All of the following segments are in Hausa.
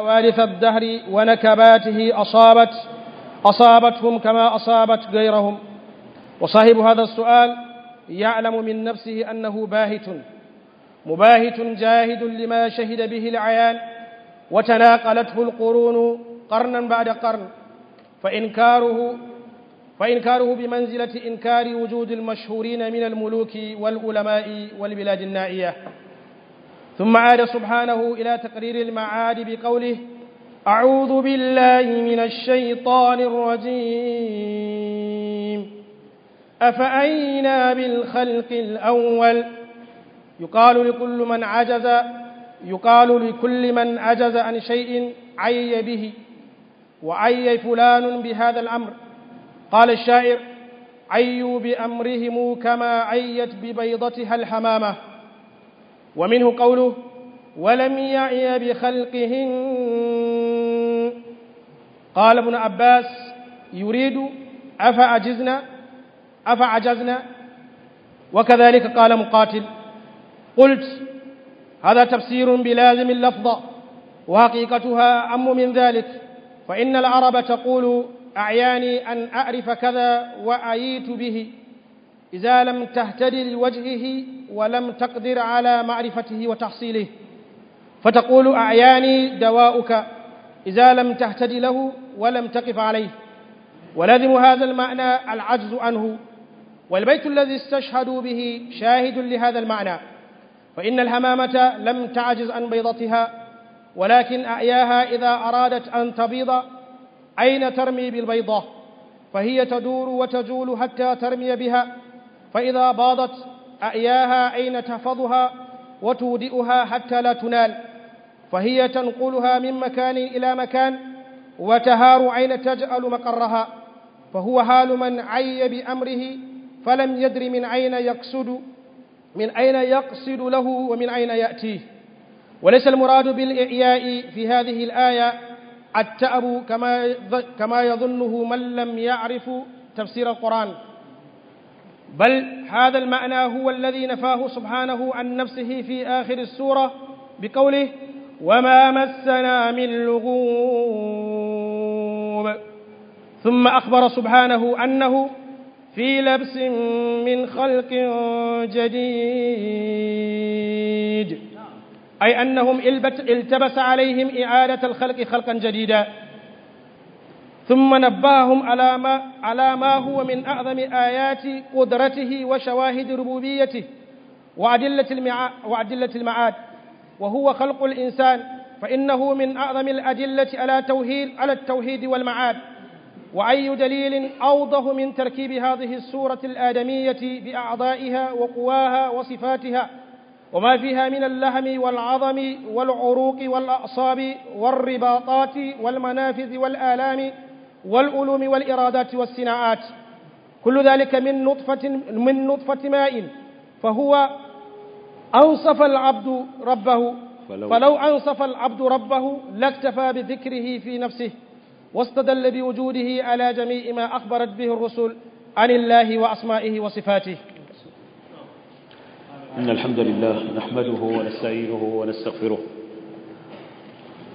وارث الدهر ونكباته أصابت أصابتهم كما أصابت غيرهم وصاحب هذا السؤال يعلم من نفسه أنه باهت مباهت جاهد لما شهد به العيان وتناقلته القرون قرنا بعد قرن فإنكاره فإنكاره بمنزلة إنكار وجود المشهورين من الملوك والعلماء والبلاد النائية ثم عاد سبحانه إلى تقرير المعاد بقوله أعوذ بالله من الشيطان الرجيم أفأينا بالخلق الأول يقال لكل من عجز يقال لكل من عجز عن شيء عي به وعي فلان بهذا الأمر قال الشاعر عيوا بأمرهم كما عيت ببيضتها الحمامة ومنه قوله ولم يعي بخلقهن قال ابن عباس يريد أفعجزنا أفعجزنا وكذلك قال مقاتل قلت هذا تفسير بلازم اللفظة وحقيقتها أم من ذلك فإن العرب تقول أعياني أن أعرف كذا وأعيت به إذا لم تهتد لوجهه ولم تقدر على معرفته وتحصيله فتقول أعياني دواؤك إذا لم تهتد له ولم تقف عليه ولازم هذا المعنى العجز عنه والبيت الذي استشهدوا به شاهد لهذا المعنى فإن الهمامة لم تعجز عن بيضتها ولكن أعياها إذا أرادت أن تبيض أين ترمي بالبيضة فهي تدور وتجول حتى ترمي بها فإذا باضت أعياها أين تحفظها وتودئها حتى لا تنال فهي تنقلها من مكان إلى مكان وتهار أين تجعل مقرها فهو حال من عي بأمره فلم يدر من أين يقصد من أين يقصد له ومن أين يأتيه وليس المراد بالإعياء في هذه الآية التأب كما كما يظنه من لم يعرف تفسير القرآن بل هذا المعنى هو الذي نفاه سبحانه عن نفسه في آخر السورة بقوله وما مسنا من لغوب ثم أخبر سبحانه أنه في لبس من خلق جديد أي أنهم التبس عليهم إعادة الخلق خلقا جديدا ثم نبههم على ما, على ما هو من أعظم آيات قدرته وشواهد ربوبيته وأدلة, المع... وأدلة المعاد وهو خلق الإنسان فإنه من أعظم الأدلة على, توحيد على التوحيد والمعاد وأي دليل أوضح من تركيب هذه السورة الآدمية بأعضائها وقواها وصفاتها وما فيها من اللهم والعظم والعروق والأعصاب والرباطات والمنافذ والآلام والعلوم والإرادات والصناعات كل ذلك من نطفة, من نطفة ماء فهو أنصف العبد ربه فلو, فلو أنصف العبد ربه لاكتفى بذكره في نفسه واستدل بوجوده على جميع ما أخبرت به الرسل عن الله وأسمائه وصفاته إن الحمد لله نحمده ونستعينه ونستغفره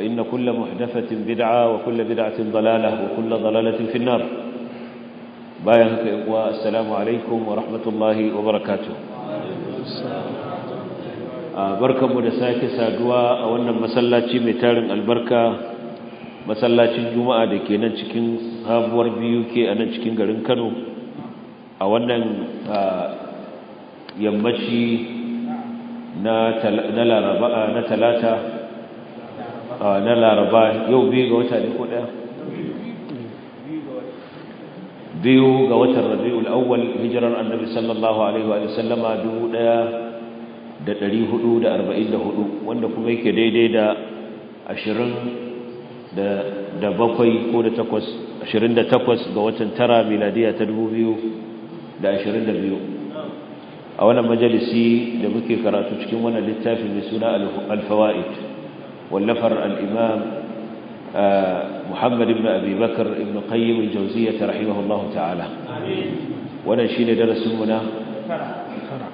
فإن كل محدثة بدعة وكل بدعة ضلالة وكل ضلالة في النار بايهك إقوى السلام عليكم ورحمة الله وبركاته بركم ودساك سادوا أولا مسلاتي متارن البركة مسلاتي جمعة دكي ننشكين هابور بيوكي أننشكين غرن كانوا أولا يمشي na talata na laraba yau biyu ga wata ne ko biyu ga watan rabi'ul awwal hijiran annabi sallallahu alaihi wa sallama dubu ɗaya da ɗari hudu da arba'in da hudu wanda kuma yake daidai da ashirin da bakwai ko da takwas ashirin da takwas ga watan tara miladiya ta dubu biyu da ashirin da biyu a wannan majalisi da muke karatu cikin wannan littafi mai suna alfawa'id والنفر الإمام آه، محمد بن أبي بكر بن قيم الجوزية رحمه الله تعالى ونشين درس منا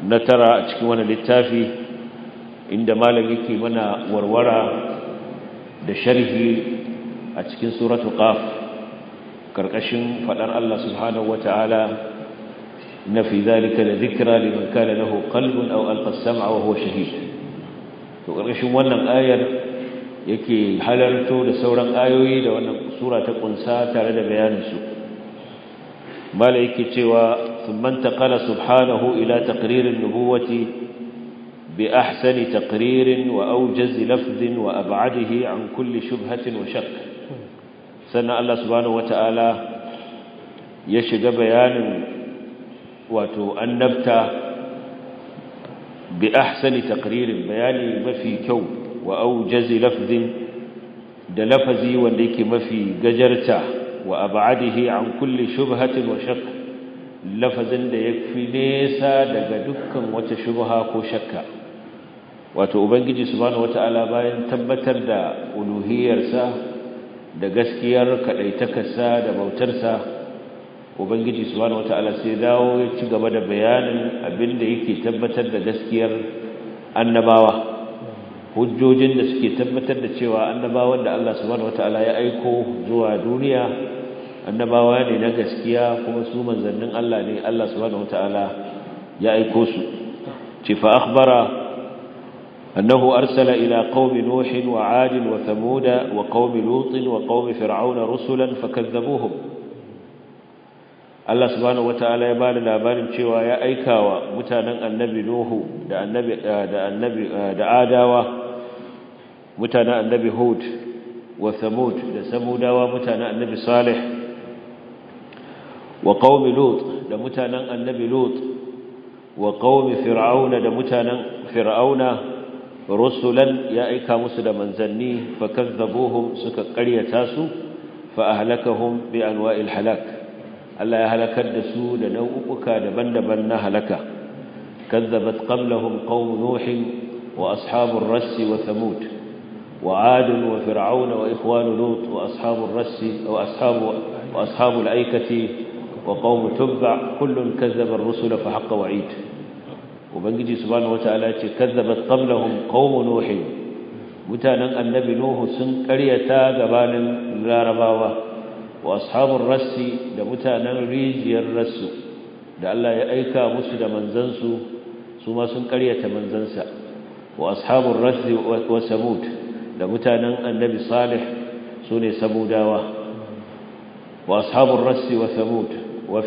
نترى أتكوانا للتافي عندما لقيت منا ورورا دشره أتكين سورة قاف كركش فلر الله سبحانه وتعالى إن في ذلك لذكرى لمن كان له قلب أو ألقى السمع وهو شهيد كركش ونن آيه yake halarto da sauran ayoyi da wannan sura ta kunsa tare da bayaninsu mala yake cewa thumman taqala subhanahu ila taqririn nubuwati bi ahsani taqririn wa awjaz lafdin wa ab'adihi an kulli shubhatin wa shakk sanna Allah subhanahu wa ta'ala ya shiga bayanin wato annabta bi ahsani taqririn bayani mafi kyau wa aujazi lafzin da lafazi wanda yake mafi gajarta wa ab'adihi an kulli shubhatin wa shakk lafazin da yafi nesa daga dukkan wata shubha ko shakka wato ubangiji subhanahu wataala bayan tabbatar da uluhiyarsa da gaskiyar kadaitakarsa da bautarsa ubangiji subhanahu wataala sai dawo ya ci gaba da bayanin abinda yake tabbatar da gaskiyar annabawa hujjojin da suke tabbatar da cewa annabawan da Allah subhanahu wataala ya aiko zuwa duniya annabawa ne na gaskiya kuma su manzannin Allah ne Allah subhanahu wataala ya aiko su ce fa akhbara annahu arsala ila qaumi nuh wa 'ad wa thamud wa qaumi lut wa qaumi fir'auna rusulan fakazzabuhum Allah subhanahu wataala ya bada labarin cewa ya aikawa mutanen annabi nuhu da annabi da annabi da adawa متانا النبي هود وثمود لسمودا ومتانا النبي صالح وقوم لوط لمتانا النبي لوط وقوم فرعون لمتانا فرعون رسلا يا ايكا مسد زني فكذبوهم سكا قرية تاسو فاهلكهم بانواع الحلاك الله يهلكد سو دنوؤكا دبن-دبن نهلكا كذبت قبلهم قوم نوح واصحاب الرس وثمود وعاد وفرعون وإخوان لوط وأصحاب الرس وأصحاب, وأصحاب الأيكة وقوم تبع كل كذب الرسل فحق وعيد وبنجي سبحانه وتعالى كذبت قبلهم قوم نوح متانا النبي نوح سن كريتا قبان لا رباوة وأصحاب الرس لمتانا ريزي الرس لألا يأيكا مسل من زنسو ثم سن كريتا من زنسا وأصحاب الرس وسموت da mutanen annabi salih su ne samudawa wa ashabun rassi wa samud wa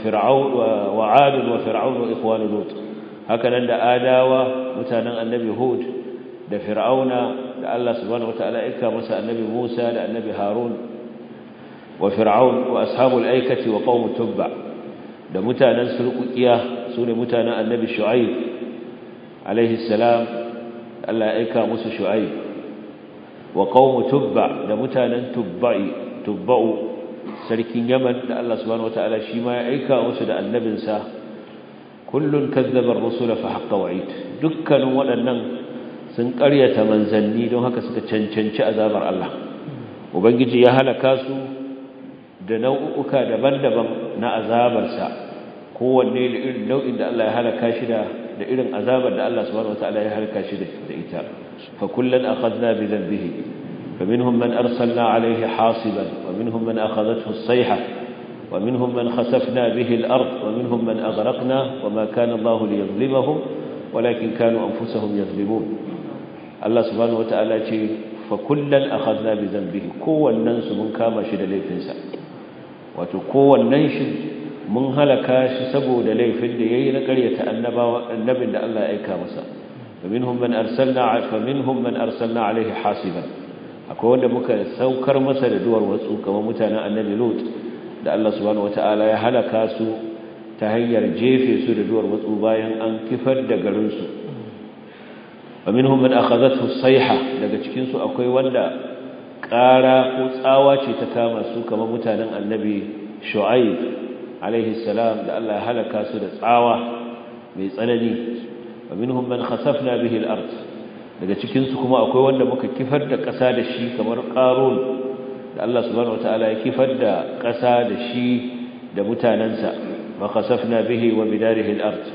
adun wa fir'aun wa ikwani Haka nan da adawa mutanen annabi hud da fir'auna da allah subhanahu wa ta'ala ika masa annabi musa da annabi harun wa fir'aun wa ashabul aikati wa qaumu tubba da mutanen surkukiya su ne mutanen annabi shu'aib alaihi salam Allah ya aika musu shu'aib wa qaumu tubba da mutanen tubba'i tubba'u sarkin yaman da Allah subhanahu wataala shi ma ya aika musu da annabinsa kullun kadzdzaba ar-rusula fa haqqa wa'id dukkanin waɗannan sun ƙaryata manzanni don haka suka cancanci azabar Allah ubangiji ya halaka su da nau'uka daban-daban na azabarsa kowanne da irin nau'in da Allah ya halaka shi da da irin azabar da Allah subhanahu wataala ya halka shi da ita fa kullan akhadna bi dhanbihi فمنهم من أرسلنا عليه حاصبا ومنهم من أخذته الصيحة ومنهم من خسفنا به الأرض ومنهم من أغرقنا وما كان الله ليظلمهم ولكن كانوا أنفسهم يظلمون الله سبحانه وتعالى فكلا أخذنا بذنبه قوة ننس من كام شد ليفنسا وتقوى ننشد mun halaka shi saboda laifin da yayi na ƙaryata annabawa annabin da Allah ya aika masa faminhum man arsalna faminhum man arsalna alaihi hasiban akwai wanda muka saukar masa da duwar watsu kamar mutanen annabi Lut da Allah subhanahu wataala ya halaka su ta hanyar jefe su da duwar watsu bayan an kifar da garin su faminhum man akhadathu sayha daga cikin su akwai wanda ƙara ko tsawa ce ta kama su kamar mutanen annabi Shu'aib alaihi salam da Allah ya halaka su da tsawa mai tsanani wa minhum man khasafna bihi al-ard daga cikin su kuma akwai wanda muka kifar da ƙasa da shi kamar qarun da Allah subhanahu wataala ya kifar da ƙasa da shi da mutanansa kasa khasafna bihi wa bidarihi al-ard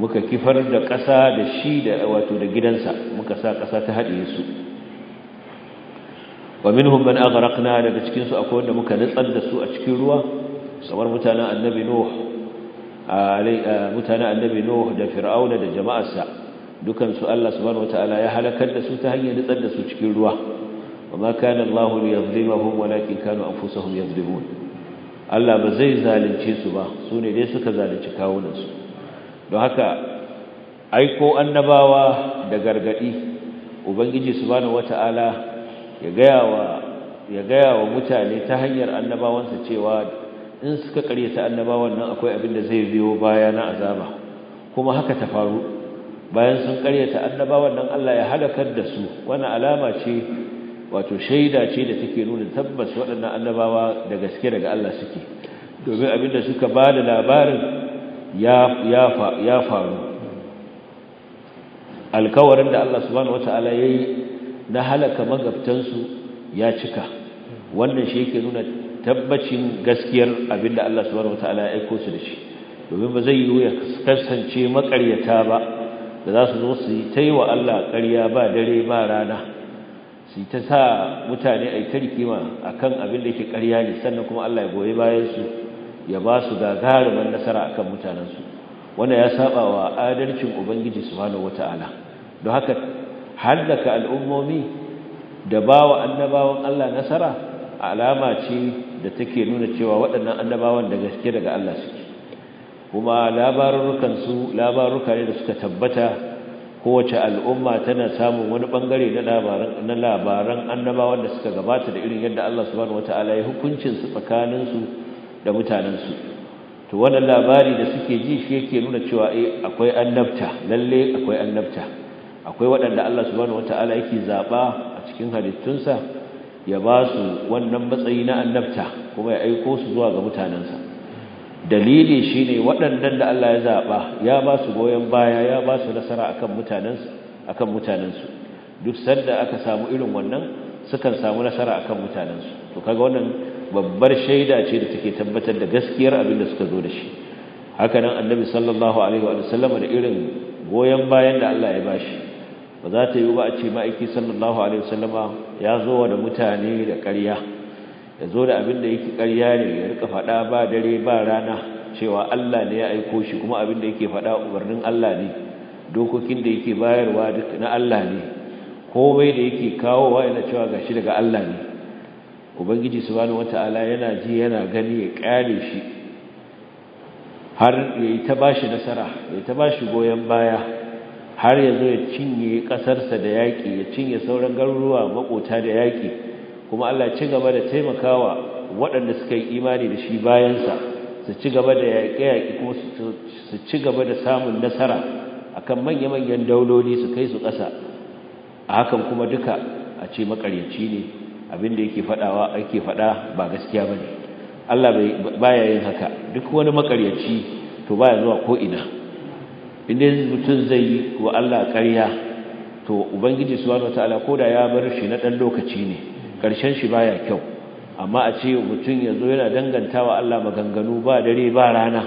muka kifar da ƙasa da shi da wato da gidansa muka sa ƙasa ta haɗe su wa minhum man aghraqna daga cikin su akwai wanda muka nitsar da su a cikin ruwa kamar mutanen annabi nuh mutanen annabi nuh da fir'auna da jama'arsa dukan su Allah subhanahu wataala ya halakar da su ta hanyar nutsar da su cikin ruwa وما كان الله ليظلمهم walakin kanu انفسهم yadhlimun Allah ba zai zalunce su ba su ne dai suka zalunci kawunansu don haka aiko annabawa da gargadi ubangiji subhanahu wataala ya gaya ya gaya wa mutane ta hanyar annabawansa cewa in suka karyata annaba wannan, akwai abin da zai biyo baya na azaba kuma haka ta faru bayan sun karyata annabawan nan Allah ya halakar da su wannan alama ce wato shaida ce da take nuna tabbas waɗannan annabawa da gaske daga Allah suke domin abin da suka ba da labarin ya faru alkawarin da Allah subhanahu wataala yi na halaka magabtansu ya cika wannan shi yake nuna tabbacin gaskiyar abinda Allah subhanahu wataala ya aiko su da shi domin ba zai yiwu ya kasance makaryata ba da za su zo su yi ta yi wa Allah ƙarya ba dare ba rana su ta sa mutane a yi ta rikima a kan abin da yake ƙarya ne sannan kuma Allah ya goyi su ya ba su gagarumin nasara a kan mutanensu wanda ya saba wa adalcin ubangiji subhanahu wata'ala don haka hallaka al'ummomi da ba wa annabawan Allah nasara alama ce da take nuna cewa waɗannan annabawan da gaske daga Allah suke kuma labarukansu labaruka ne da suka tabbata kowace al'umma tana samun wani bangare na labaran na annabawan da suka gabata da irin yadda Allah subhanahu wataala ya hukuncin su tsakanin su da mutanen to wannan labari da suke ji shi yake nuna cewa eh akwai annabta lalle akwai annabta akwai waɗanda Allah subhanahu wataala yake zaɓa a cikin halittunsa ya ba su wannan matsayi na annabta kuma ya aiko su zuwa ga mutanensa dalili shine waɗannan da Allah ya zaɓa ya ba su goyon baya ya ba su nasara akan mutanensu mutanensu duk sanda aka samu irin wannan sukan samu nasara akan mutanensu to kaga wannan babbar shaida ce da take tabbatar da gaskiyar abin da suka zo da shi haka nan annabi sallallahu alaihi wa sallam da irin goyon bayan da Allah ya bashi ba za ta yi ba a ce ma'aiki sallallahu alaihi wa sallama ya zo da mutane da ƙarya ya zo da abin da yake ƙarya ne ya rika faɗa ba dare ba rana cewa Allah ne ya aiko shi kuma abin da yake faɗa umarnin Allah ne dokokin da yake bayarwa duk na Allah ne komai da yake kawowa yana cewa gashi daga Allah ne ubangiji subhanahu wataala yana ji yana gani ya kare shi har yayi ta bashi nasara yayi ta bashi goyon baya har ya zo ya cinye ƙasarsa da yaƙi ya cinye sauran garuruwa maƙota da yaƙi kuma Allah ci gaba da taimakawa waɗanda suka yi imani da shi bayansa su ci gaba da yaƙe-yaƙi kuma su ci gaba da samun nasara akan manya-manyan dauloli su kai su ƙasa a hakan kuma duka a ce makaryaci ne abinda yake faɗawa ake faɗa ba gaskiya ba ne Allah baya yin haka duk wani makaryaci to baya zuwa ko ina inda mutum zai yi wa Allah ƙarya to ubangiji subhanahu ko da ya bar shi na ɗan lokaci ne karshen shi baya kyau amma a ce mutum yanzu yana danganta wa Allah maganganu ba dare ba rana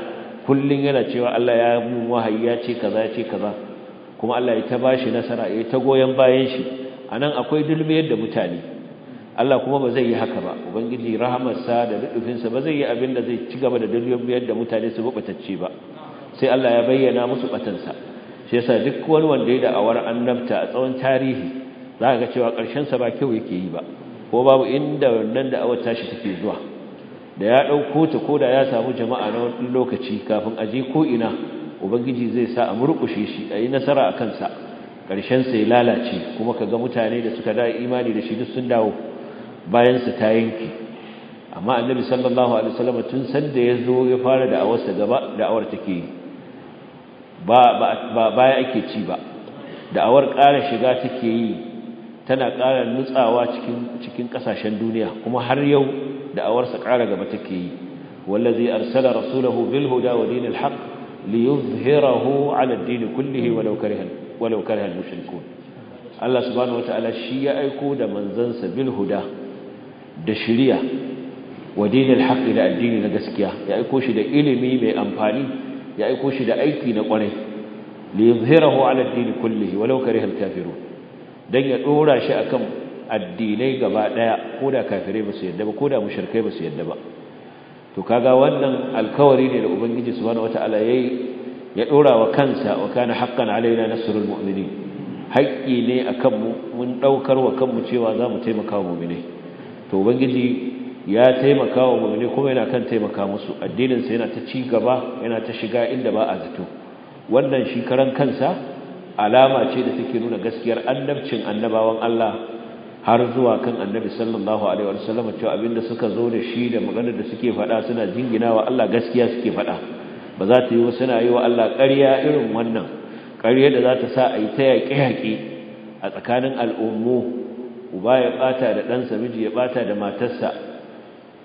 Kullum yana cewa Allah ya mun wahayi ya ce kaza ya ce kaza kuma Allah ya ta shi nasara ya ta goyen bayan shi anan akwai dulmiyar da mutane Allah kuma ba zai yi haka ba ubangiji rahamarsa da lutufinsa ba zai yi abin da zai ci gaba da dulmiyar da mutane su bubatacce ba sai Allah ya bayyana musu batansa shi yasa duk wani wanda ya da'awar annabta a tsawon tarihi za ka ga cewa ƙarshen sa ba kyau yake yi ba ko babu inda wannan da'awar shi take zuwa da ya ɗauko ta ko da ya samu jama'a na wani lokaci kafin a je ko ina ubangiji zai sa a murƙushe shi a yi nasara a kansa ƙarshen sa ya lalace kuma ka ga mutane da suka da imani da shi duk sun dawo bayan su ta yanki amma annabi sallallahu alaihi wasallam tun sanda da ya zo ya fara da'awarsa gaba da'awar take yi ba baya ake ci ba da'awar ƙara shiga take yi tana ƙara nutsawa cikin ƙasashen duniya kuma har yau da'awarsa ƙara gaba take yi wallazi arsala rasulahu bil huda wa dinil haqq liyuzhirahu ala ad-din kullihi walau kariha walau kariha al-mushrikun Allah subhanahu wataala shi ya aiko da manzansa bil huda da shiriya wa dinil haqq da addini na gaskiya ya aiko shi da ilimi mai amfani ya aiko shi da aiki na kwarai li yuzhirahu ala ad-din kullihi walau kariha kafirun dan ya dora shi akan addinai gaba daya koda kafirai ba su yadda ba koda mushrikai ba su yadda ba to kaga wannan alkawari ne da ubangiji subhanahu wataala yayi ya dora wa kansa wa kana haqqan alaina nasrul mu'minin haƙƙi ne akan mu mun daukar wa kanmu cewa za mu taimaka wa mu'minai to ubangiji ya taimaka wa mummuni kuma yana kan taimaka musu addininsa yana ta ci gaba yana ta shiga inda ba a zato wannan shi karan kansa alama ce da take nuna gaskiyar annabcin annabawan Allah har zuwa kan annabi sallallahu alaihi wasallam cewa abinda suka zo da shi da maganar da suke faɗa suna jinginawa Allah gaskiya suke faɗa ba za ta yi wa suna yi wa Allah ƙarya irin wannan ƙarya da za ta sa a yi ta yaƙe-yaƙe a tsakanin al'ummu uba ya ɓata da ɗansa miji ya ɓata da matarsa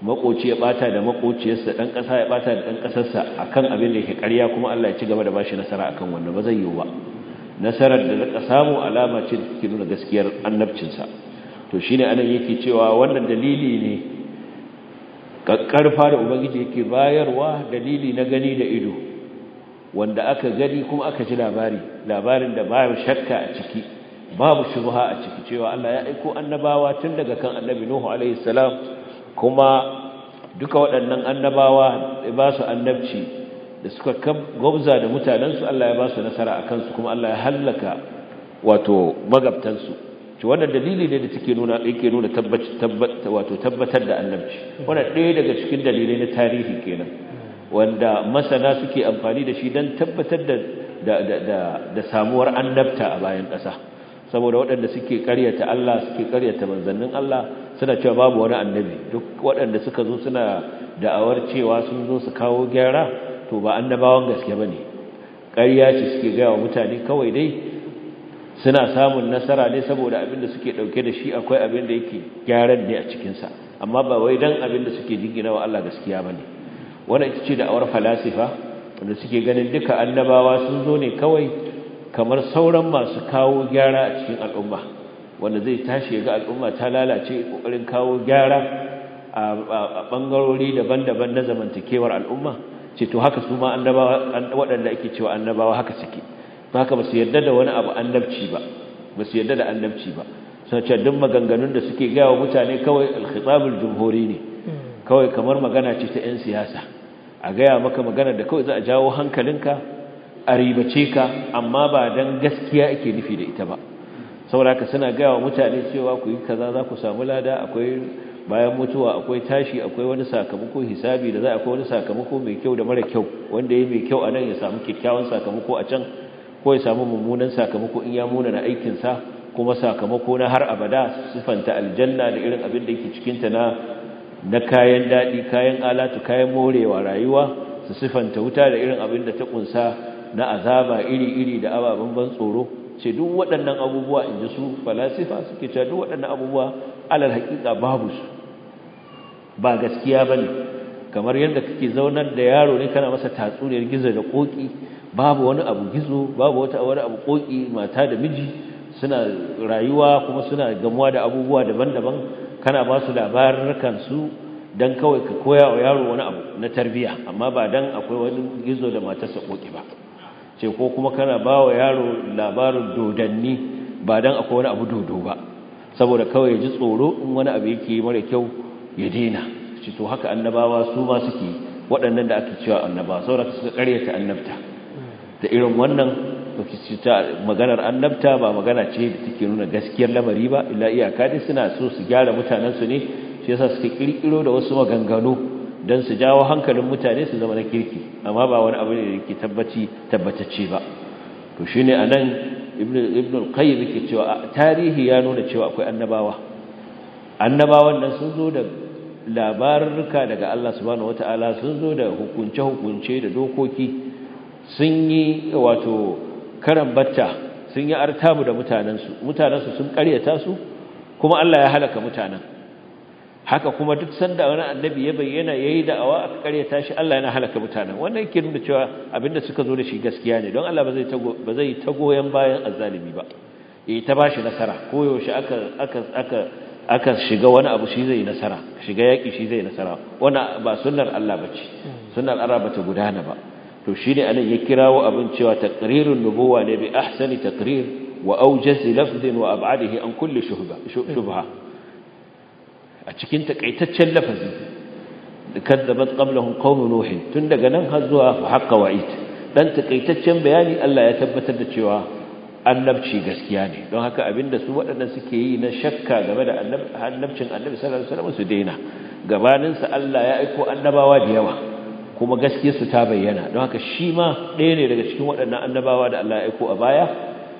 makoci ya bata da makociyarsa dan kasa ya bata da dan kasarsa akan abin da yake ƙarya kuma Allah ya ci gaba da bashi nasara akan wannan ba zai yiwu ba nasarar da zaka samu alama ce take nuna gaskiyar annabcinsa to shine anan yake cewa wannan dalili ne kakkarfa da ubangiji yake bayarwa dalili na gani da ido wanda aka gani kuma aka ji labari labarin da babu shakka a ciki babu shubha a ciki cewa Allah ya aiko annabawa tun daga kan annabi Nuhu alaihi salam kuma duka waɗannan annabawa ya ba su annabci da suka gwabza da mutanensu Allah ya ba su nasara a kansu kuma Allah ya hallaka wato magabtansu ci wannan dalili ne da take nuna yake nuna wato tabbatar da annabci wannan ɗaya daga cikin dalilai na tarihi kenan wanda masana suke amfani da shi don tabbatar da da samuwar annabta a bayan ƙasa saboda waɗanda suke ƙaryata Allah suke ƙaryata manzannin Allah suna cewa babu wani annabi duk waɗanda suka zo suna da'awar cewa sun zo su kawo gyara to ba annabawan gaske ne. ƙarya ce suke gaya wa mutane kawai dai suna samun nasara ne saboda abin da suke ɗauke da shi akwai abin da yake gyaran ne a cikinsa. amma ba wai don abin da suke jingina wa Allah gaskiya ne. Wani ita ce da'awar falasifa wanda suke ganin duka annabawa sun zo ne kawai kamar sauran masu kawo gyara a cikin al'umma wanda zai tashi ga al'umma ta lalace ƙoƙarin kawo gyara a ɓangarori daban-daban na zamantakewar al'umma ce to haka su ma annabawa waɗanda ake cewa annabawa haka suke haka ba su yarda da wani abu annabci ba ba su yarda da annabci ba sun ce duk maganganun da suke gaya wa mutane kawai alkhitabul jumhuri ne hmm. kawai kamar magana ce ta 'yan siyasa a gaya maka magana da kawai za a jawo hankalinka a ribace ka amma ba don gaskiya ake nufi da ita ba saboda ka suna gaya wa mutane cewa ku yi kaza za ku samu lada akwai bayan mutuwa akwai tashi akwai wani sakamako hisabi da za a akwai wani sakamako mai kyau da mara kyau wanda ya mai kyau a nan ya samu kyakkyawan sakamako a can ko ya samu mummunan sakamako in ya muna na aikinsa kuma sakamako na har abada sifanta aljanna da irin abin da yake cikinta na na kayan daɗi kayan alatu kayan morewa rayuwa su sifanta wuta da irin abin da ta ƙunsa na azaba iri-iri da ababen ban tsoro ce duk waɗannan abubuwa in ji su falasifa suke cewa duk waɗannan abubuwa alal haƙiƙa babu su ba gaskiya ba ne kamar yadda kake zaunar da yaro ne kana masa tatsuniyar gizo da ƙoƙi babu wani abu gizo babu wata wani abu ƙoƙi mata da miji suna rayuwa kuma suna gamuwa da abubuwa daban-daban kana ba su labarukan su don kawai ka koya wa yaro wani abu na tarbiyya amma ba don akwai wani gizo da matarsa ƙoƙi ba ce ko kuma kana ba wa yaro labarin dodanni ba don akwai wani abu dodo ba saboda kawai ya ji tsoro in wani abu yake mara kyau ya daina ce to haka annabawa su ma suke waɗannan da ake cewa annaba saboda suka karyata annabta da irin wannan maganar annabta ba magana ce da take nuna gaskiyar lamari ba illa iyaka dai suna so su gyara mutanensu ne shi yasa suke kirkiro da wasu maganganu don su jawo hankalin mutane su zama na kirki amma ba wani abu ne da ke tabbaci tabbatacce ba to shi ne anan nan ibn al-qayyim ke cewa tarihi ya nuna cewa akwai annabawa annabawan nan sun zo da labarurka daga Allah subhanahu wataala sun zo da hukunce hukunce da dokoki sun yi wato karan batta sun yi artabu da mutanensu mutanensu sun karyata su kuma Allah ya halaka mutanen haka kuma duk sanda wani annabi ya bayyana yayi da'awa aka karya tashi Allah yana halaka mutanen wannan yake nuna cewa abinda suka zo da shi gaskiya ne don Allah ba zai tago ba zai tagoyan bayan azzalimi ba eh ta bashi nasara koyaushe aka aka aka aka shiga wani abu shi zai nasara shiga yaki shi zai nasara wannan ba sunnar Allah bace sunnar Allah bata gudana ba to shine anan ya kirawo abin cewa taqrirun nubuwa ne bi ahsani taqrir wa awjaz lafdin wa ab'adihi an kulli shubha shubha a cikin takaitaccen lafazi kadzabat qablahum qaum nuh tun daga nan har zuwa haqqa wa'id dan takaitaccen bayani Allah ya tabbatar da cewa annabci gaskiya ne don haka abinda su waɗannan suke yi na shakka game da annabcin annabi sallallahu alaihi wasallam su daina gabanin sa Allah ya aiko annabawa da yawa kuma gaskiyar su ta bayyana don haka shi ma ɗaya ne daga cikin waɗannan annabawa da Allah ya aiko a baya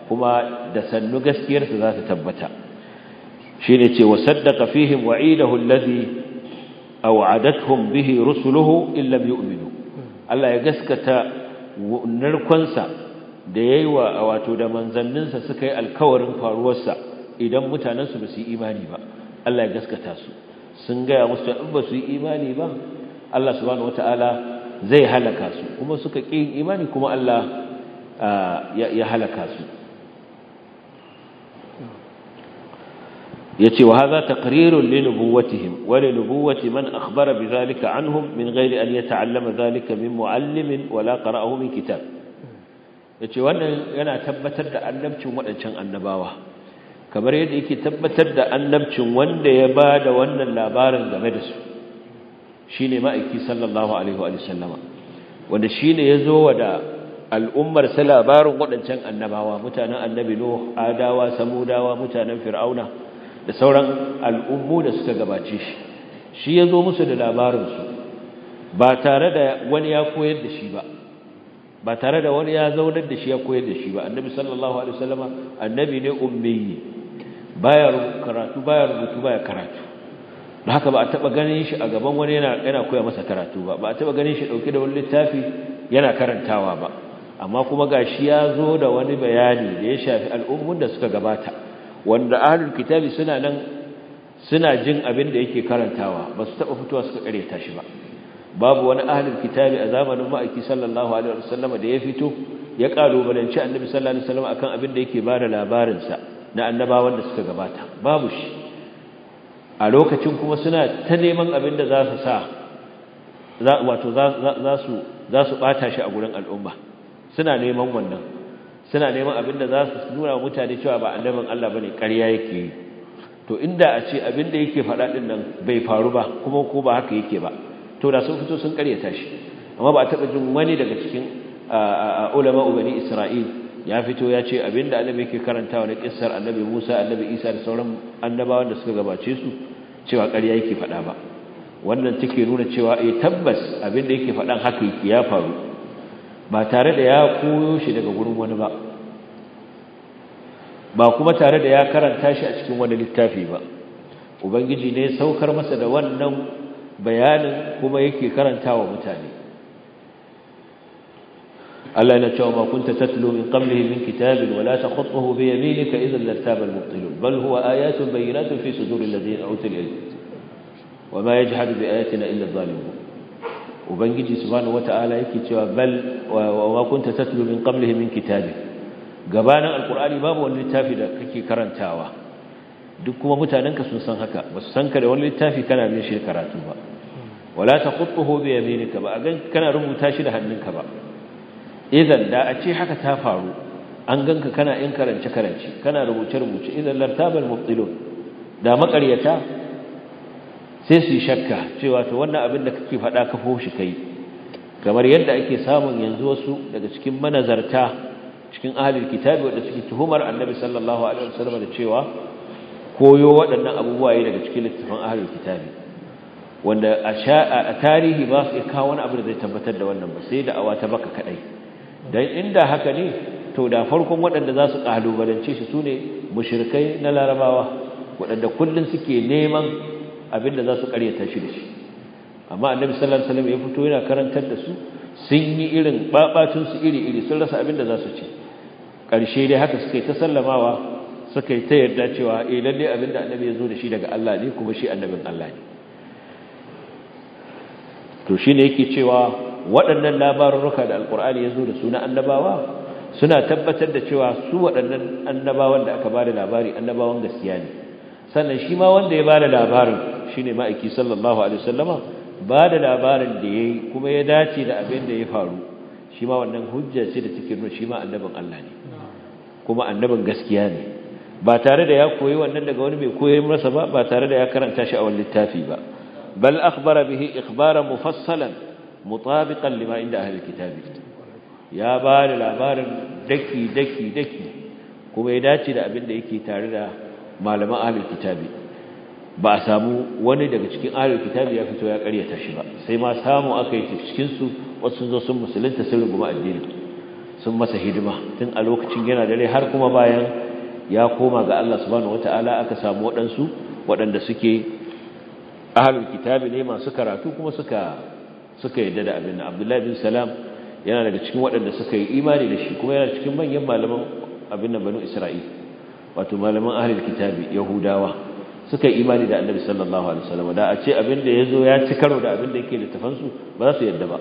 kuma da sannu gaskiyar su za ta tabbata ne ce wa saddaka fihim wa'idahu alladhi aw'adatuhum bihi rusuluhu in lam yu'minu Allah ya gaskata narkonsa da yayi wa wato da manzanninsa suka yi alkawarin faruwarsa idan mutanensu ba su imani ba Allah ya gaskata su sun gaya musu in ba su yi imani ba Allah subhanahu wataala zai halaka su kuma suka ƙi imani kuma Allah ah, ya halaka su yace wa hadha taqrirun li nubuwwatihim wa li nubuwwati man akhbara bidhalika anhum min ghairi an yata'allama dhalika min muallimin wala qara'ahu min kitab yace wannan yana tabbatar da annabcin wadancan annabawa kamar yadda yake tabbatar da annabcin wanda ya bada wannan labarin game da su shine ma'aiki sallallahu alaihi wa sallama wanda shine yazo wa da al'ummar sa labarin wadancan annabawa mutanen annabi nuh adawa samudawa mutanen fir'auna da sauran al'ummu da suka gabace shi shi ya zo musu da labarinsu ba tare da wani ya koyar da shi ba ba tare da wani ya zaunar da shi ya koyar da shi ba annabi sallallahu alaihi wasallama annabi ne ummi baya karatu baya rubutu baya karatu da haka ba a taba ganin shi a gaban wani yana yana koya masa karatu ba ba a taba ganin shi dauke da wani littafi yana karantawa ba amma kuma gashi ya zo da wani bayani da ya shafi al'ummun da suka gabata wanda ahalin kitabi suna nan suna jin abin da yake karantawa ba su taɓa fitowa suka ta shi ba babu wani ahalin kitabi a zamanin ma'aiki sallallahu alaihi wasallam da ya fito ya kalubalanci annabi sallallahu alaihi wasallam akan abin da yake ba da sa na annabawan da suka gabata babu shi a lokacin kuma suna ta neman abin da za su sa wato za su ɓata shi a gurin al'umma suna neman wannan suna neman abin da za su nuna mutane cewa ba annabin Allah bane ƙarya yake yi to inda a ce abin da yake faɗa din nan bai faru ba kuma ko ba haka yake ba to da sun fito sun ƙaryata shi amma ba a taɓa jin wani daga cikin ulama ubani Isra'il ya fito ya ce abin da annabi yake karantawa na kissar annabi Musa annabi Isa da sauran annabawan da suka gabace su cewa ƙarya yake faɗa ba wannan take nuna cewa eh tabbas abin da yake faɗan haka ya faru ba tare da ya koyo shi daga gurin wani ba ba kuma tare da ya karanta shi a cikin wani littafi ba ubangiji ne saukar masa da wannan bayanin kuma yake karantawa mutane Allah ba kunta tatlu ألا نتشاء ما كنت تتلو من قبله من كتاب ولا تخطه بيمينك bal huwa المبطلون بل fi suduril بينات في ilm wa ma yajhadu bi ayatina illa adh-dhalimun ubangiji subhanahu wata'ala yake cewa bal wa kunta tatlu min qablihi min kitabi gabanin alqur'ani babu wani littafi da kake karantawa duk kuma ka sun san haka ba su san ka da wani littafi kana bin shi karatu ba wala taqutuhu bi yaminika ba gan kana rubuta shi da hannunka ba idan da a ce haka ta faru an ganka kana yin karance karance kana rubuce rubuce idan lartabal mubtilun da makaryata sai su yi shakka cewa to wannan abin da kake faɗa ka shi kai kamar yadda ake samun yanzu wasu daga cikin manazarta cikin ahlul kitabi wanda suke tuhumar annabi sallallahu alaihi wasallam da cewa koyo waɗannan abubuwa yi daga cikin littafin ahlul kitabi wanda a tarihi ba su kawo wani abu da zai tabbatar da wannan ba sai da awa ta baka kadai dan inda haka ne to da farkon waɗanda za su kalubalance shi su mushrikai na larabawa waɗanda kullum suke neman abinda za su karyata shi da shi amma annabi sallallahu alaihi wasallam ya fito yana karantar da su sun yi irin babacin su iri iri sun rasa abinda za su ce karshe dai haka suka yi ta sallamawa suka yi ta yarda cewa eh lalle abinda annabi ya zo da shi daga Allah ne kuma shi annabin Allah ne to shine yake cewa waɗannan labarurruka da alkur'ani ya zo da su na annabawa suna tabbatar da cewa su waɗannan annabawan da aka ba da labari annabawan gaskiya ne sannan shi ma wanda ya da labarin shine ma'aiki sallallahu alaihi wasallama da labarin da yi kuma ya dace da abin da ya faru shi ma wannan hujja ce da cikin nuna shi ma annabin Allah ne kuma annabin gaskiya ne ba tare da ya koyi wannan daga wani mai koyi masa ba ba tare da ya karanta shi a wani littafi ba bal akhbara bihi ikhbaran mufassalan mutabiqan lima inda ahli kitabi ya ba da labarin daki daki daki kuma ya dace da abin da yake tare da malaman ahlul kitabi ba a samu wani daga cikin ahlul kitabi ya fito ya karyata shi ba sai ma samu aka yi cikin su wasu sun zo sun musulunta sun runguma addini sun masa hidima tun a lokacin yana dare har kuma bayan ya koma ga Allah subhanahu wataala aka samu waɗansu waɗanda suke ahlul kitabi ne masu karatu kuma suka suka yadda da abin Abdullahi bin Salam yana daga cikin waɗanda suka yi imani da shi kuma yana cikin manyan malaman abin nan banu Isra'ila wato malaman ahlul kitabi yahudawa suka yi imani da annabi sallallahu alaihi wasallam da a ce abin da yazo ya ci karo da abin da yake littafan su ba za su yadda ba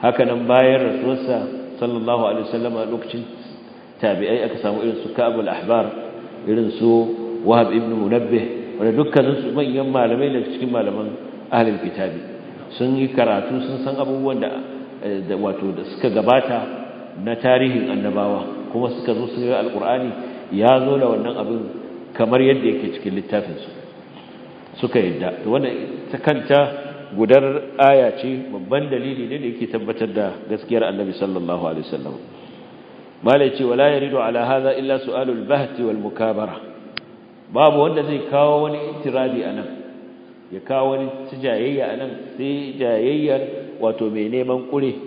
haka nan bayan rasuwarsa sallallahu alaihi wasallam lokacin tabi'ai aka samu irin su Ka'bul Ahbar irin su Wahab ibn Munabbih wanda dukkanin su manyan malamai ne cikin malaman ahlul kitabi sun yi karatu sun san abubuwan da wato da suka gabata na tarihin annabawa kuma suka zo su yi alqur'ani ya zo da wannan abin kamar yadda yake cikin littafinsu suka yadda da wannan ta kanta gudar aya ce babban dalili ne da yake tabbatar da gaskiyar annabi sallallahu alaihi wasallam malai ce wala yaridu ala hadha illa su'alul bahti wal mukabara babu wanda zai kawo wani itirabi anan ya kawo wani tijayayya anan sai jayayyar wato mai neman kure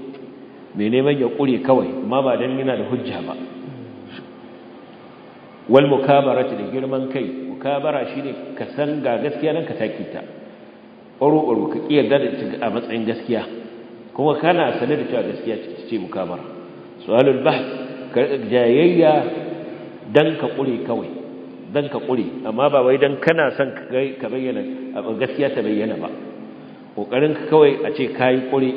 mai neman ya kure kawai amma ba dan yana da hujja ba wal mukabara da girman kai mukabara shine ka san ga gaskiya nan ka take ta oro oro ka iya da a matsayin gaskiya kuma kana sanar da cewa gaskiya ce mukabara su'alul bahth ka jayayya dan ka kure kawai dan ka kure amma ba wai dan kana son ka bayyana a gaskiya ta bayyana ba kokarin ka kawai a ce kai kure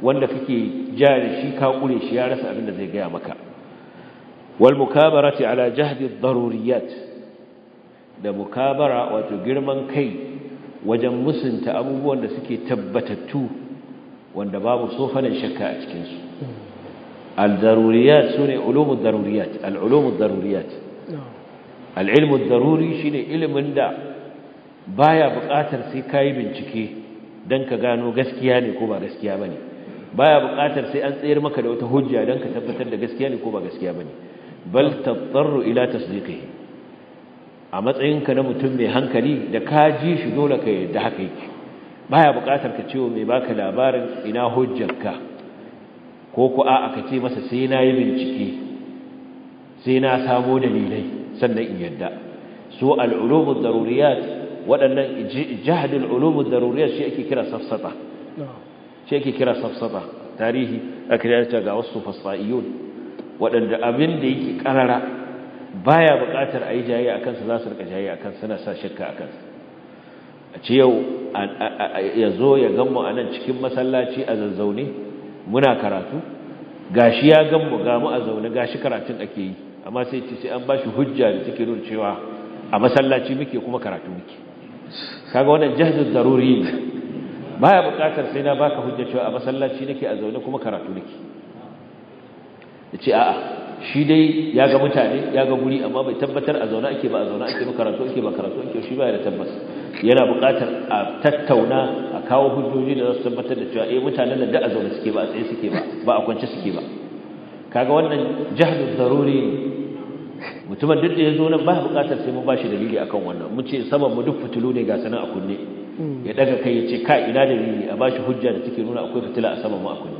wanda kake jari shi ka kure shi ya rasa abin da zai gaya maka wal mukabarati ala jahdi daruriyat da mukabara wato girman kai wajen musunta abubuwan da suke tabbatattu wanda babu sofanin shakka a cikinsu. su al-daruriyat sune ulumud daruriyat al-ulumud daruriyat al-ilmud daruri shine ilimin da baya buƙatar sai kai bincike dan ka gano gaskiya ne ko ba gaskiya bane baya buƙatar sai an tsayar maka da wata hujja dan ka tabbatar da gaskiya ne ko ba gaskiya bane bal tattaru ila tasdiqihi a matsayinka na mutum mai hankali da ka ji shi dole ka yadda haka yake baya buƙatar ka cewa mai baka labarin ina hujjarka ko ku a ka ce masa sai na yi bincike sai na samo dalilai sannan in yadda Su al'ulumud daruriyat waɗannan jahdul ulumud daruriyat shi ake kira safsata shi ake kira safsata tarihi aka yi ga wasu fasa'iyun waɗanda abin da yake ƙarara baya buƙatar a yi jayi a kansa za su rika jayi a kansa suna sa shirka a kansa a ce yau ya zo ya ganmu a nan cikin masallaci a zazzaune muna karatu Ga shi ya ganmu ga mu a zaune ga shi karatun ake yi amma sai ce sai an ba shi hujja da take nuna cewa a masallaci muke kuma karatu muke kaga wannan jahdud daruri ne baya buƙatar sai na baka hujja cewa a masallaci nake a zaune kuma karatu nake yace a'a shi dai ya ga mutane ya ga guri amma bai tabbatar a zauna ake ba a zauna ake ba karatu ake ba karatu ake shi baya da tabbas yana buƙatar a tattauna a kawo hujjoji da za su tabbatar da cewa eh mutanen nan da a zauna suke ba a tsaye suke ba ba a kwance suke ba kaga wannan jahdu zaruri mutumin duk da ya zo nan ba buƙatar sai mun ba shi dalili akan wannan mun ce saban mu duk fitilu ne ga sanan a kunne hmm. ya daga kai ya ce ka ina dalili a ba shi hujja da take nuna akwai fitila a saman mu a kunne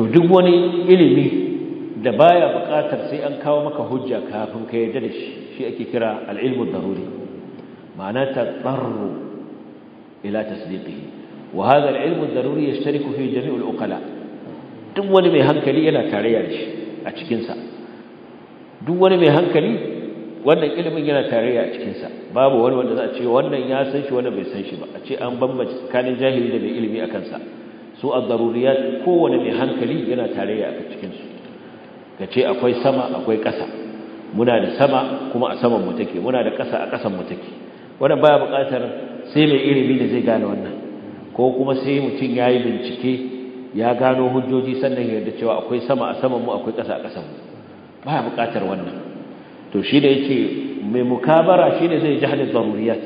to duk wani ilimi da baya buƙatar sai an kawo maka hujja kafin ka yarda da shi shi ake kira al-ilmu daruri ma'ana taqarru ila tasdiqihi wa hadha al-ilmu daruri yashtariku fi jami' al-uqala duk wani mai hankali yana tarayya da shi a cikin sa duk wani mai hankali wannan ilimin yana tarayya a cikin sa babu wani wanda za a ce wannan ya san shi wannan bai san shi ba a ce an bambance tsakanin jahili da mai ilimi akan sa su a zaruriya kowane mai hankali yana tarayya a cikin su ce akwai sama akwai ƙasa muna da sama kuma a saman mu take muna da ƙasa a ƙasan mu take ba baya buƙatar sai mai ilimi da zai gane wannan ko kuma sai mutum ya yi bincike ya gano hujjoji sannan ya yarda cewa akwai sama a saman mu akwai ƙasa a ƙasan mu baya buƙatar wannan to shi da yake mai mukabara shine zai ji ad zaruriya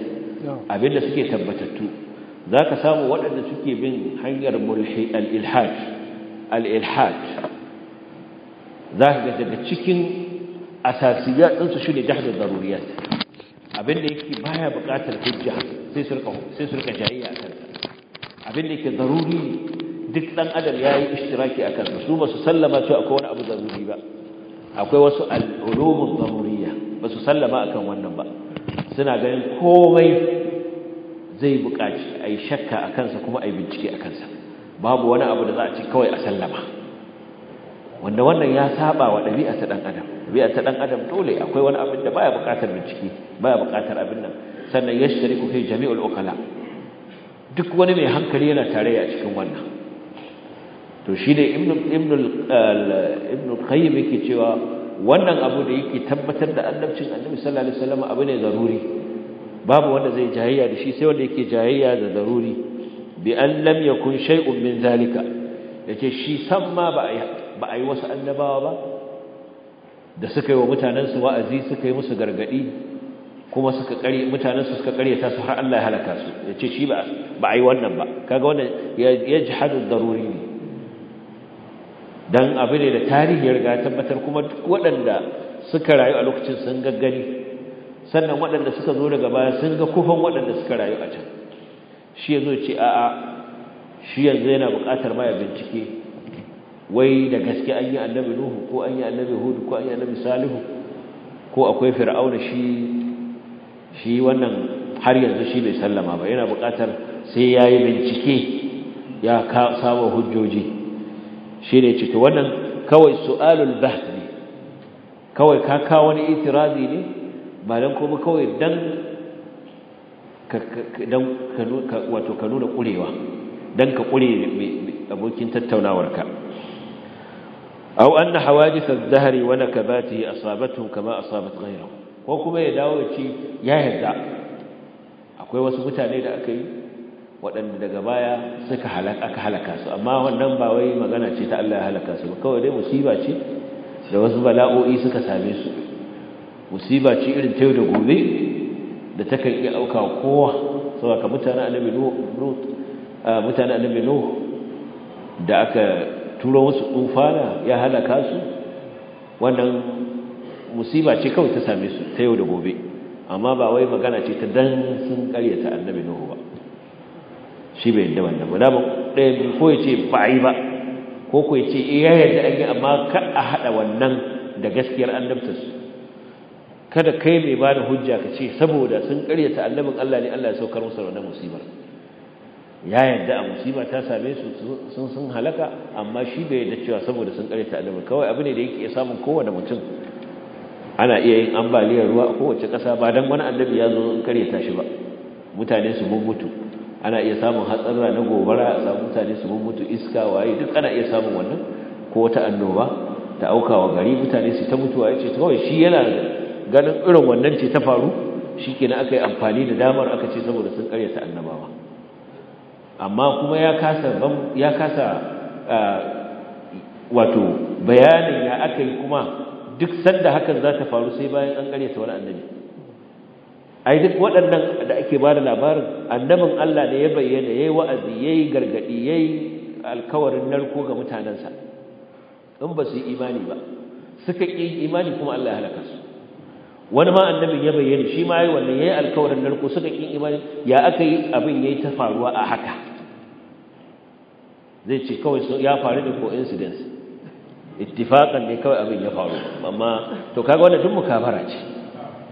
abinda suke tabbatattu za ka samu waɗanda suke bin hanyar al al'ilhaj. al za ka daga cikin asasiyar ɗinsu shi ne jahar da daruriyar abinda yake baya buƙatar hujja sai su rika jayayya a kansa abinda yake daruri duk ɗan adam ya yi ishtiraki a kansa su ba su sallama cewa akwai wani abu daruri ba akwai wasu al'ulumun daruriya ba su sallama kan wannan ba suna ganin komai zai buƙaci a yi shakka a kansa kuma a yi bincike a kansa babu wani abu da za a ci kawai a sallama wanda wannan ya saba wa ɗabi'a ta ɗan adam Ɗabi'a ta ɗan adam dole akwai wani abin da baya buƙatar bincike baya buƙatar abin nan sannan ya shari ku kai jami'ul ukala duk wani mai hankali yana tare a cikin wannan to shi ne ibnul qayyim yake cewa wannan abu da yake tabbatar da annabcin annabi sallallahu alaihi wasallam abu ne zaruri babu wanda zai jayayya da shi sai wanda yake jayayya da daruri bi an lam yakun shay'un min zalika yace shi san ma ba a ba a wasu annabawa ba da suka yi wa mutanen su wa'azi suka yi musu gargadi kuma suka kare mutanen su suka kare ta su har Allah ya halaka su yace shi ba ba a wannan ba kaga wannan yajhadu daruri ne dan abu ne da tarihi ya riga tabbatar kuma duk waɗanda suka rayu a lokacin sun gani. sannan waɗanda suka zo daga baya sun ga kufan waɗanda suka rayu a can shi ya zo ce a'a shi yanzu yana buƙatar ma bincike wai da gaske an yi annabi nuhu ko an yi annabi hudu ko an yi annabi salihu ko akwai fir'auna shi shi wannan har yanzu shi bai sallama ba yana buƙatar sai ya yi bincike ya samu hujjoji shi ne ciki wannan kawai su'alul bahd kawai ka kawo wani itirazi ne ba don kuma kawai don wato ka nuna ƙurewa don ka ƙure abokin tattaunawarka au an na hawajisar zahari wani ka ba ta yi asabatun kama asabat gairar ko kuma ya dawo ci ya yadda akwai wasu mutane da aka yi waɗanda daga baya suka aka halaka su amma wannan ba wai magana ce ta Allah ya halaka su ba kawai dai musiba ce da wasu bala'o'i suka same su musiba ce irin ta yau da gobe da ta kan iya auka kowa saboda mutane annabi no mutane annabi da aka turo wasu tsufana ya halaka su wannan musiba ce kawai ta same su ta yau da gobe amma ba wai magana ce ta dan sun karyata annabi no ba shi bai yadda wannan ba dama ɗaya ko ya ce ba yi ba ko ko ya ce iya eh, yadda an yi amma ka a haɗa wannan da gaskiyar annabtarsu kada kai mai bada hujja ka ce saboda sun karyata annabin Allah ne Allah ya saukar musu da musibar ya yadda a musiba ta same su sun sun halaka amma shi bai yadda cewa saboda sun karyata annabin kawai abu ne da yake samun kowane mutum ana iya yin ambaliyar ruwa ko kowace kasa ba dan wani annabi ya zo in ta shi ba mutane su mutu ana iya samun hatsarra na gobara a samu mutane su mutu iska waye duk ana iya samun wannan ko wata annoba ta auka wa gari mutane su ta mutuwa yace kawai shi yana ganin irin wannan ce ta faru shi na aka yi amfani da damar aka ce saboda sun karyata annabawa amma kuma ya kasa wato bayanin ya aka yi kuma duk sanda hakan za ta faru sai bayan an karyata wani annabi ai duk waɗannan da ake ba da labarin annabin Allah ne ya bayyana ya yi wa'azi ya yayi gargadi yi alkawarin narko ga mutanensa. in ba su yi imani ba suka ƙi imani kuma Allah ya halaka su wani ma annabin ya bayyana shi ma yi wannan ya yi alkawarin narko suka ƙin imani ya aka yi abin ya yi ta faruwa a haka zai ce kawai ya faru da coincidence ittifaƙan ne kawai abin ya faru amma to kaga wannan duk mukabara ce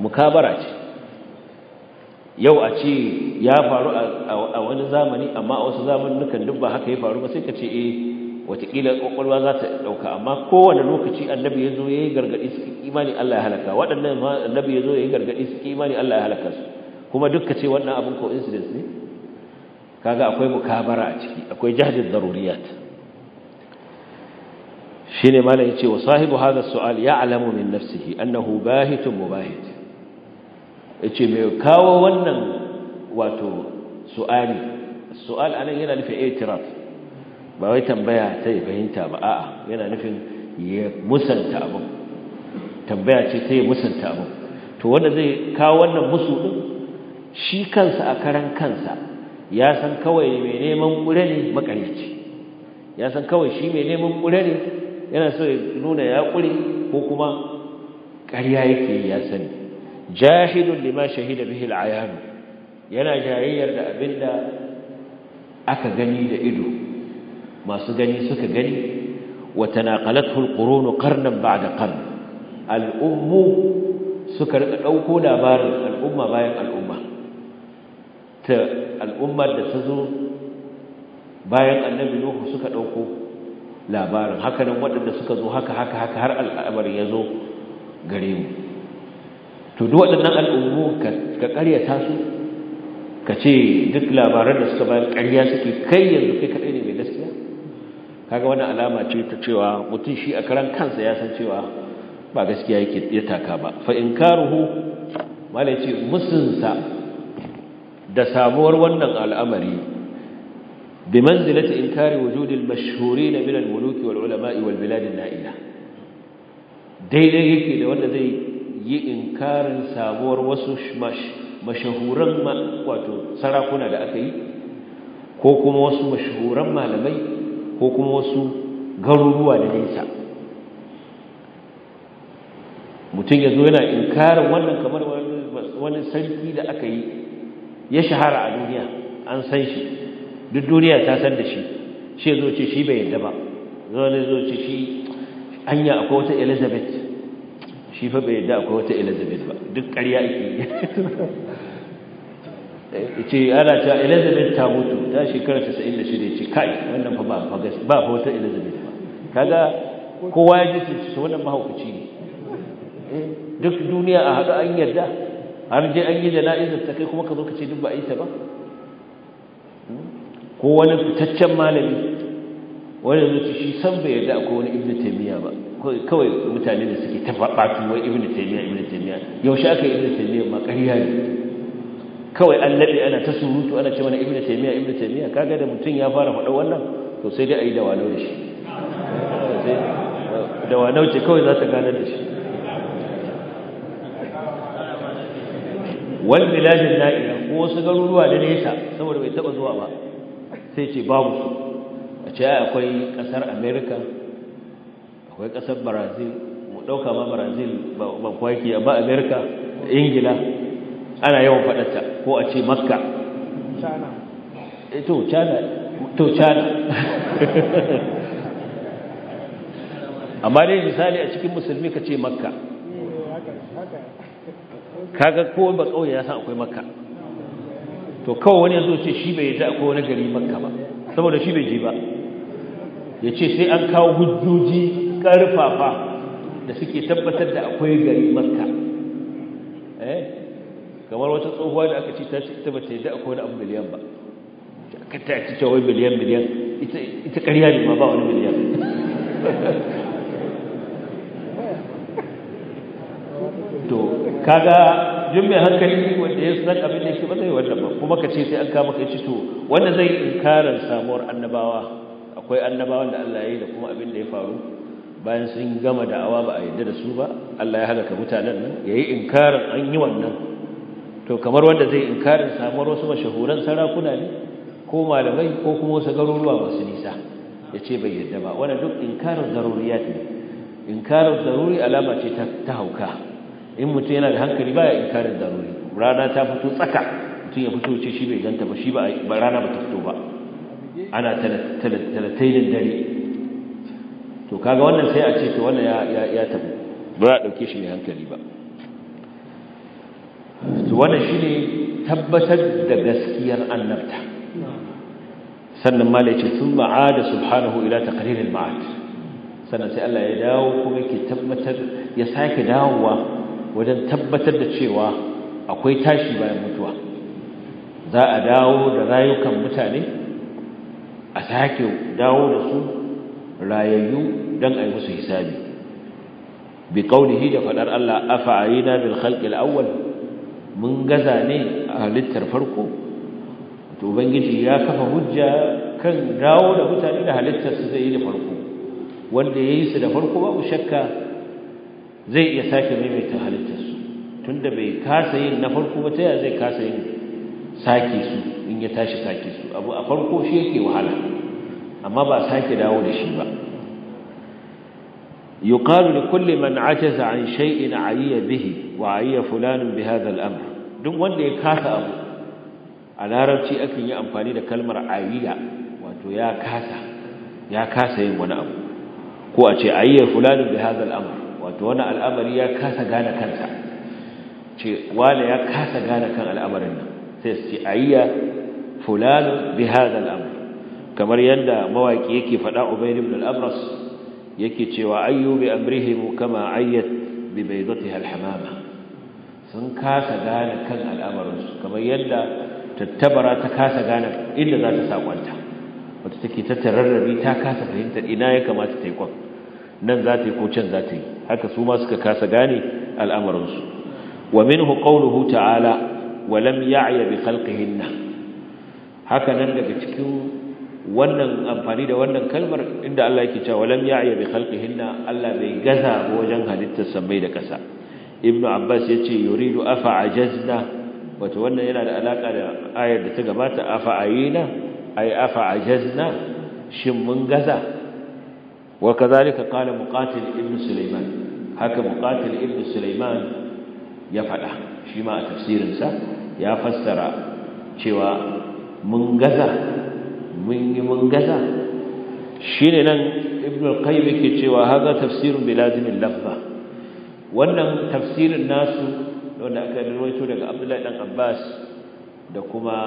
mukabara ce yau a ce ya faru a wani zamani amma a wasu zamanin duk ba haka ya faru ba sai ka ce eh watakila kwakwalwa za ta ɗauka amma kowane lokaci annabi ya zo ya yi gargaɗi suke imani Allah ya halaka waɗannan annabi ya zo ya yi gargaɗi suke imani Allah ya halaka su kuma dukka ce wannan abin coincidence ne kaga akwai mukabara a ciki akwai jahjin daruriyat shine malam yace wa sahibu hadha su'al ya'lamu min nafsihi annahu bahitun mubahit yace mai kawo wannan wato su'ali su'al anan yana nufin i'tiraf ba wai tambaya ta yi fahimta ba a'a yana nufin ya musanta abin tambaya ce ta yi musanta abin to wanda zai kawo wannan musu ɗin shi kansa a karan kansa ya san kawai mai neman ƙure ne makarici ya san kawai shi mai neman ƙure ne yana so ya nuna ya ƙure ko kuma ƙarya yake ya sani jahilun lima shahida bihi al'ayanu yana jayayyar da abin da aka gani da ido masu gani suka gani wa na alqurun qarnan da qarn al'ummu suka rika ɗauko labarin al'umma bayan al'umma ta al'ummar da ta zo bayan annabi nuhu suka ɗauko labarin haka nan waɗanda suka zo haka haka haka har al'amar ya zo gare mu to duk waɗannan al'ummu ka ƙaryata su ka ce duk labaran da suka bayar ƙarya suke kai yanzu kai kaɗai ne mai gaskiya kaga wannan alama ce ta cewa mutum shi a karan kansa ya san cewa ba gaskiya yake ya taka ba fa in karuhu malai ce musunsa da sabuwar wannan al'amari bi manzilati inkari wujudil mashhurin min al-muluki wal ulama'i wal bilad al-na'ila daidai yake da wanda zai yi inkarin samuwar wasu mashahuran wato sarakuna da aka yi ko kuma wasu mashahuran malamai ko kuma wasu garuruwa da nesa mutum ya zo yana inkarin wannan kamar wani sarki da aka yi ya shahara a duniya an san shi duk duniya ta san da shi shi ya zo ce shi bai yadda ba zo zo ce shi anya akwai wata elizabeth shi fa bai yadda akwai wata elizabeth ba duk ƙarya ake yi. ce ana cewa elizabeth ta mutu ta shekara 96 ce kai wannan fa ba ba wata elizabeth ba kaga kowa ya ji su wannan mahaukaci ne eh, duk duniya a haɗu an yarda har je an yi da jana'izar ta kai kuma ka zo ka ce duk ba a yi ta ba ko wani fitaccen malami wanda zuci shi san bai yarda akwai wani ibn taimiyya ba kawai mutane da suke ta faɗa wai ibnu taymiya ibnu taymiya yaushe aka yi ibn taimiyya ma ƙarya ne kawai an laɓe ana ta surutu ana ce mana taimiyya ibi da taimiyya kaga da mutum ya fara faɗa wannan to sai dai ayi dawanau da shi dawanau ce kawai za ta gane da shi Wani biladin na'ira ko wasu garuruwa da nesa saboda bai taba zuwa ba sai ce babu su a ce akwai kasar Amerika, akwai kasar brazil mu dauka ma brazil ba kwaki ba amerika ingila ana yawan faɗata ko a ce makka eh, to chana amma dai misali a cikin musulmi ka ce makka kaga ko ba kauye ya san akwai makka to kawai wani yanzu ce shi bai yadda akwai wani gari makka ba saboda shi bai je ba ya ce sai an kawo hujjoji karfafa da suke tabbatar da akwai gari makka kamar wata tsohuwa da aka ce ta ce ita ba ta da'a ko wani abu miliyan ba aka ta ci cewa miliyan miliyan ita ƙarya ne ma ba wani miliyan to kaga jin mai hankali wanda ya san abin da yake ba zai wannan ba kuma ka ce sai an kama kai ci to wanda zai inkarar samuwar annabawa akwai annabawan da Allah ya yi da kuma abin da ya faru bayan sun gama da'awa ba a yadda da su ba Allah ya halaka mutanen nan ya yi inkarar an yi wannan to kamar wanda zai inkarin samuwar wasu mashahuran sarakuna ne ko malamai ko kuma wasu garuruwa masu nisa ya ce bai yadda ba wannan duk inkarin zaruriya ne inkarin zaruri alama ce ta hauka in mutum yana da hankali baya inkarin zaruri rana ta fito tsaka mutum ya fito ce shi bai ganta ba shi ba rana ba ta fito ba ana talatainin dare to kaga wannan sai a ce to wannan ya tabu ba za a ɗauke shi mai hankali ba su wannan shine tabbatar da gaskiyar annabta sannan malai ce sun ma'ada subhanahu ila taqriril ma'ad sannan sai Allah ya dawo kuma yake tabbatar ya sake dawowa wajen tabbatar da cewa akwai tashi bayan mutuwa za a dawo da rayukan mutane a sake dawo da su rayayyu dan yi musu hisabi bi qawlihi da fadar Allah afa'ina bil al awwal mun gaza ne a halittar farko to ubangiji ya kafa hujja kan dawo da mutane da halittar su zai yi da farko wanda ya yi su da farko ku shakka zai iya sake maimaita halittar su tunda bai kasa yin na farko ba ta zai kasa yin sake su in ya tashi sake su abu a farko shi yake wahala amma ba sake dawo da shi ba yuqalu li kulli man ajaza an shay'in ayiya bihi wa ayiya fulanun bi hadha al-amr wanda ya kasa abu a larabci akan yi amfani da kalmar ayiya wato ya kasa ya kasa yin wani abu ko a ce ayiya fulanun bi hadha al wato wani al'amari ya kasa gane kansa ce ya kasa gane kan al'amarin nan sai fulanun kamar yadda mawaƙi yake faɗa Ubayr ibn yake cewa ayyu bi amrihim kama ayyat bi baydatiha alhamama sun kasa gane kan al'amarinsu kamar yadda tattabara ta kasa gane inda za ta sakonta wata take ta tararrabi ta kasa fahimtar ina ya kamata ta yi kwan nan za ta yi ko can za ta yi haka su ma suka kasa gane al'amarinsu wa minhu qawluhu ta'ala wa lam ya'ya bi khalqihinna haka nan daga cikin wannan amfani da wannan kalmar inda Allah yake cewa lam ya'i bi khalqihinna Allah bai gaza ba wajen halittar sammai da ƙasa Ibn abbas yace yuridu afa ajazna wato wannan yana da alaka da ayar da ta gabata afa ayina ay afa ajazna shin mun gaza wa kadhalika qala muqatil Ibn sulaiman haka muqatil Ibn sulaiman ya fada shi ma a tafsirinsa ya fassara cewa mun gaza mun yi mun gaza shine nan ibn al-qayyim yake cewa haza tafsirun bilazimin lafza wannan tafsirin nasu wanda aka rawaito daga Abdullahi dan Abbas da kuma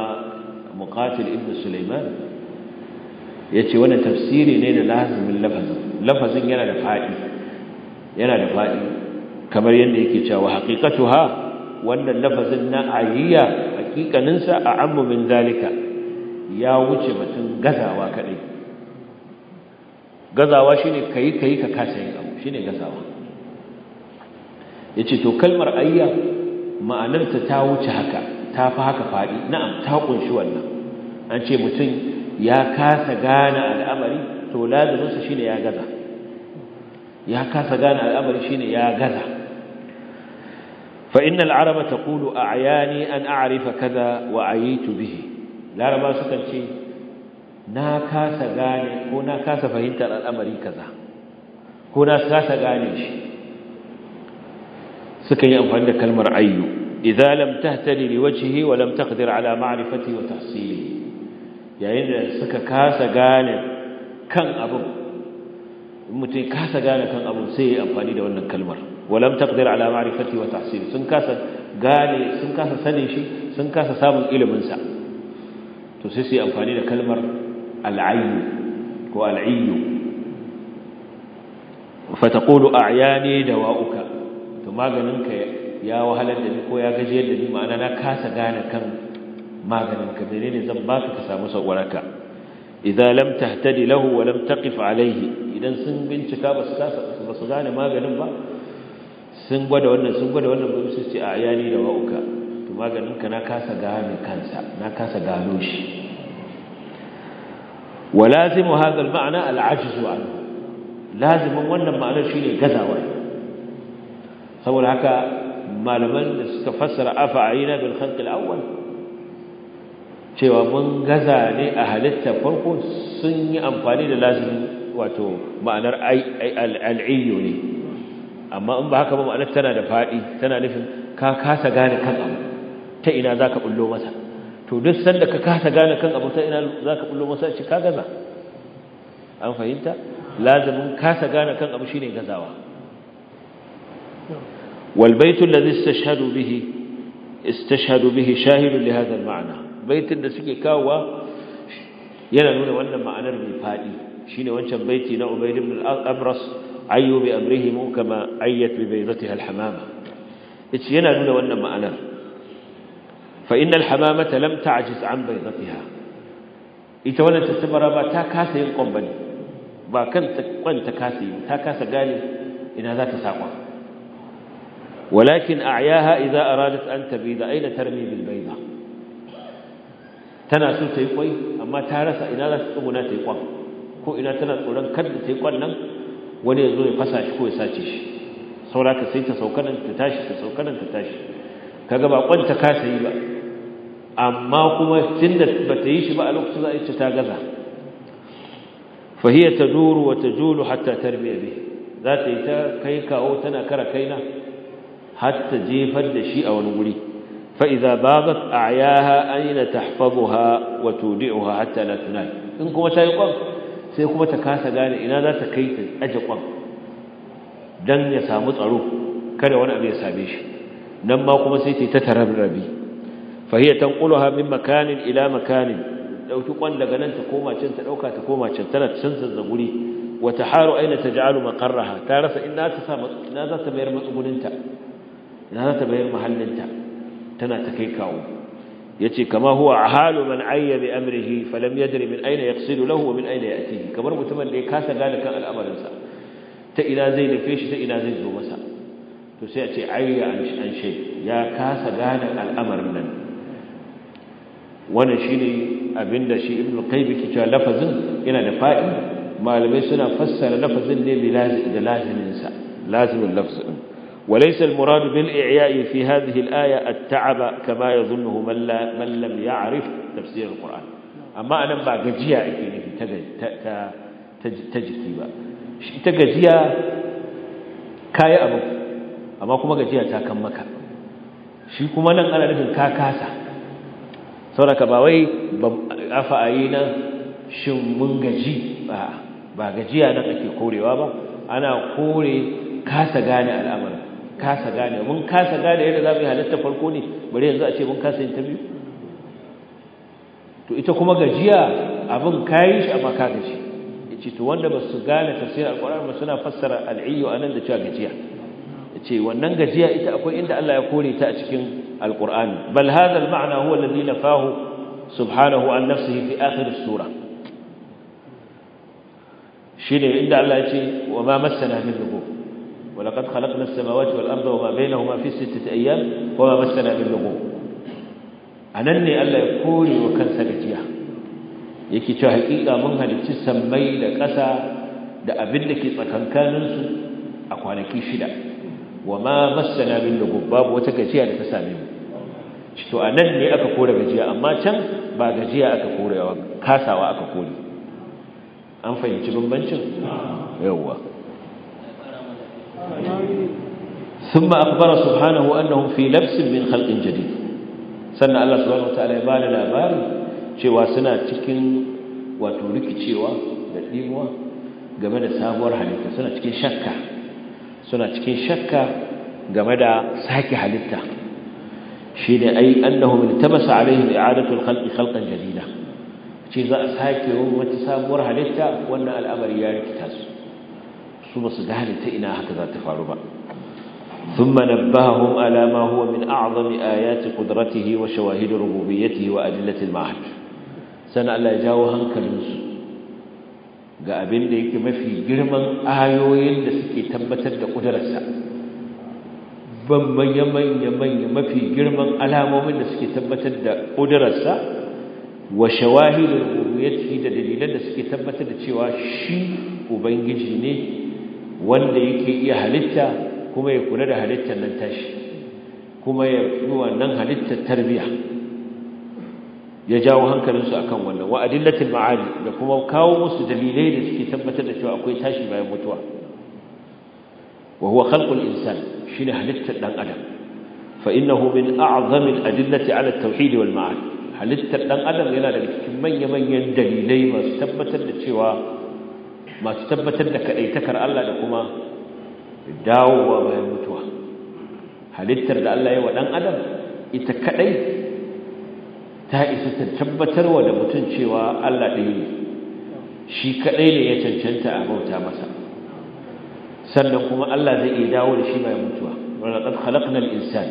Muqatil ibn Sulaiman yace wannan tafsiri ne da lazimin lafazin lafazin yana da fadi yana da fadi kamar yadda yake cewa haqiqatuha wannan lafazin na ayya hakikaninsa a ammu min zalika ya wuce batun gazawa kadai gazawa shine ka yi, ka kasa yin abu shine gazawa yace to kalmar ayya ma'anarta ta wuce haka ta fi haka fadi na'am ta kunshi wannan an ce mutum ya kasa gane al'amari to lazuminsa shine ya gaza ya kasa gane al'amari shine ya gaza fa ta Kulu a a'yani an a'rifa kaza wa ayitu bihi laraba sukan ce na kasa gane ko na kasa fahimtar al'amari kaza ko na kasa gane shi suka yi amfani da kalmar ayyu idza lam tahtadi li wajhihi wa lam taqdir ala ma'rifati wa tahsili yayin da suka kasa gane kan abin mutum kasa gane kan abin sai ya amfani da wannan kalmar walam taqdir ala ma'rifati wa tahsili sun kasa gane sun kasa sanin shi sun kasa samun ilimin sa to sai su yi amfani da kalmar al'ayyu ko al'ayyu fataƙolu a yane da wa'uka to maganinka ya wahalar da ni ko ya gaji yadda ni ma'ana na kasa gane kan maganinka mene ne zan ba ka samu sauwaraka idan lam tahtadi lahu wa lam taqif alayhi idan sun bincika ba su kasa ba su gane maganin ba sun gwada wannan sun gwada wannan ba su ce a yane da wa'uka to maganinka na kasa gane kansa na kasa gano shi wa lazimu hadha al-ma'na al-'ajzu anhu wannan ma'anar shine gazawa saboda haka malaman da suka fassara afa'ina bil khalq al-awwal cewa mun gaza ne a halitta farko sun yi amfani da lazimi wato ma'anar al-'ayyu ne amma in ba haka ba ma'anar tana da fadi tana nufin ka kasa gane kan abu ta ina za ka bullo masa to duk sanda ka kasa gane kan abu ta ina za ka bullo masa shi ka gaza an fahimta lazimin kasa gane kan abu shine gazawa wal baitul ladhi istashhadu bihi istashhadu bihi shahidun li hadha ma'ana. ma'na baitin da suke kawowa yana nuna wannan ma'anar mai fadi shine wancan baiti na ubayd ibn al-abras ayyu bi amrihim kama ayyat bi baydatiha al yace yana nuna wannan ma'anar fa innal hamamata lam ta'jiz an baydatiha ita wannan tattabara ba ta kasa yin kwan ba kan ta kwan ta ta kasa gane ina za ta saba walakin a'yaha idza aradat an tabida aina tarmi bil bayda tana so ta yi kwai amma ta rasa ina za ta tsuguna ta yi kwan ko ina tana tsoron kada ta yi nan wani ya ya fasa ko ya sace shi sauraka sai ta sauka nan ta tashi ta sauka nan ta tashi kaga ba ba amma kuma tunda bata yi shi ba a lokacin za a ta gaza fa hiya taduru wa tajulu hatta tarbiya bi za ta yi ta kai kawo tana kara kaina hatta jefar da shi a wani guri fa idza bagat a'yaha aina tahfazuha wa tudi'uha hatta la tunal in kuma ta yi kwan sai kuma ta kasa gane ina za ta kai ta aje kwan dan ya samu tsaro kada wani abu ya same shi nan ma kuma sai ta yi ta tararrabi fahiya tanquluha min makanin ila makanin dauki kwan daga nan ta koma can ta dauka ta koma can tana canza guri wa taharu aina taj'alu maqarraha ta rasa inna ta sa ina za ta bayar matsuguninta ina za ta bayar mahallinta tana ta kai kawo ce kama huwa a ahalu man ayya bi amrihi falam yadri min aina yaqsidu lahu wa min aina ya'tihi kamar mutumin da ya kasa gane kan al'amarin ta ina zai nufe shi ta ina zai zo masa to sai a ce ayya an shay ya kasa gane al'amarin nan wannan shine abinda shi ibnu qayyim ke cewa lafazin yana da fa'i malamai suna fassara lafazin ne bi da lazimin sa lazimin lafzin وليس المراد بالإعياء في هذه الآية التعب كما يظنه من, لا من لم يعرف تفسير القرآن أما أنا ما قجيا إكيني تجتي با ita gajiya kayi abu amma kuma gajiya ta kan maka shi kuma nan ana nufin ka kasa sauraka ba wai afa'ayi na shin mun gaji ba ba gajiya nan ake korewa ba ana kore kasa gane al'amarin kasa gane mun kasa gane yadda za mu yi halitta farko ne bari yanzu a ce mun kasa yin ta biyu to ita kuma gajiya abin kayi shi amma ka gaji ce to wanda ba su gane tafsirar alƙur'ani ba suna fassara al'iyyu nan da cewa gajiya ce wannan gajiya ita akwai inda Allah ya kore ta a cikin alqur'ani bal hadha almaana huwa alladhi nafahu subhanahu an nafsihi fi akhir as-sura shine inda Allah ya ce wa ma massana min dhunub wa laqad khalaqna as-samawati wal arda wa ma bainahuma fi sittati ayyam wa ma massana min dhunub anan ne Allah ya kore wa kansa gajiya yake cewa haƙiƙa mun halicci sammai da ƙasa da abin da ke tsakankaninsu a kwanaki shida wa ma massana babu wata gajiya da ta same mu to anan ne aka kore gajiya amma can ba gajiya aka korewa kasawa aka kore an fahimci bambancin yawwa ثم أخبر سبحانه أنهم في لبس من خلق جديد سنة الله سبحانه وتعالى يبال الأبار cewa suna cikin wato rikicewa da dimuwa game da sabuwar halitta suna cikin shakka suna cikin shakka game da sake halitta shine ai annahum iltabasa alaihim i'adatu al-khalqi khalqan jadida ce za a sake wata sabuwar halitta wannan al'amari ya rikita su su ba su gane ta ina haka za ta faru ba ثم نبههم على ما هو من أعظم آيات قدرته وشواهد ربوبيته وأدلة المعهد سنة لا جاوها كالنسو ga abin da yake mafi girman ayoyin da suke tabbatar da ƙudurarsa ban manya manya mafi girman alamomin da suke tabbatar da ƙudurarsa wa ya rububiyyati da dalilan da suke tabbatar da cewa shi ubangiji ne wanda yake iya halitta kuma ya kula da halittar nan tashi kuma ya yi wannan halittar tarbiyya ya jawo hankalinsu akan wannan wa'adillatin adillatul da kuma kawo musu dalilai da suke tabbatar da cewa akwai tashi bayan mutuwa wa huwa khalqul insan shine halittar dan adam fa innahu min a'zami al-adillati 'ala at-tauhid wal ma'ad halittar dan adam yana daga cikin manyan manyan dalilai masu tabbatar da cewa masu tabbatar da kadaitakar Allah da kuma dawowa bayan mutuwa halittar da Allah ya wa dan adam ita kadai ta isa ta tabbatarwa da mutum cewa Allah ɗaya ne shi kaɗai ne ya cancanta a bauta masa sannan kuma Allah zai iya dawo da shi mai mutuwa wa laqad khalaqna al-insan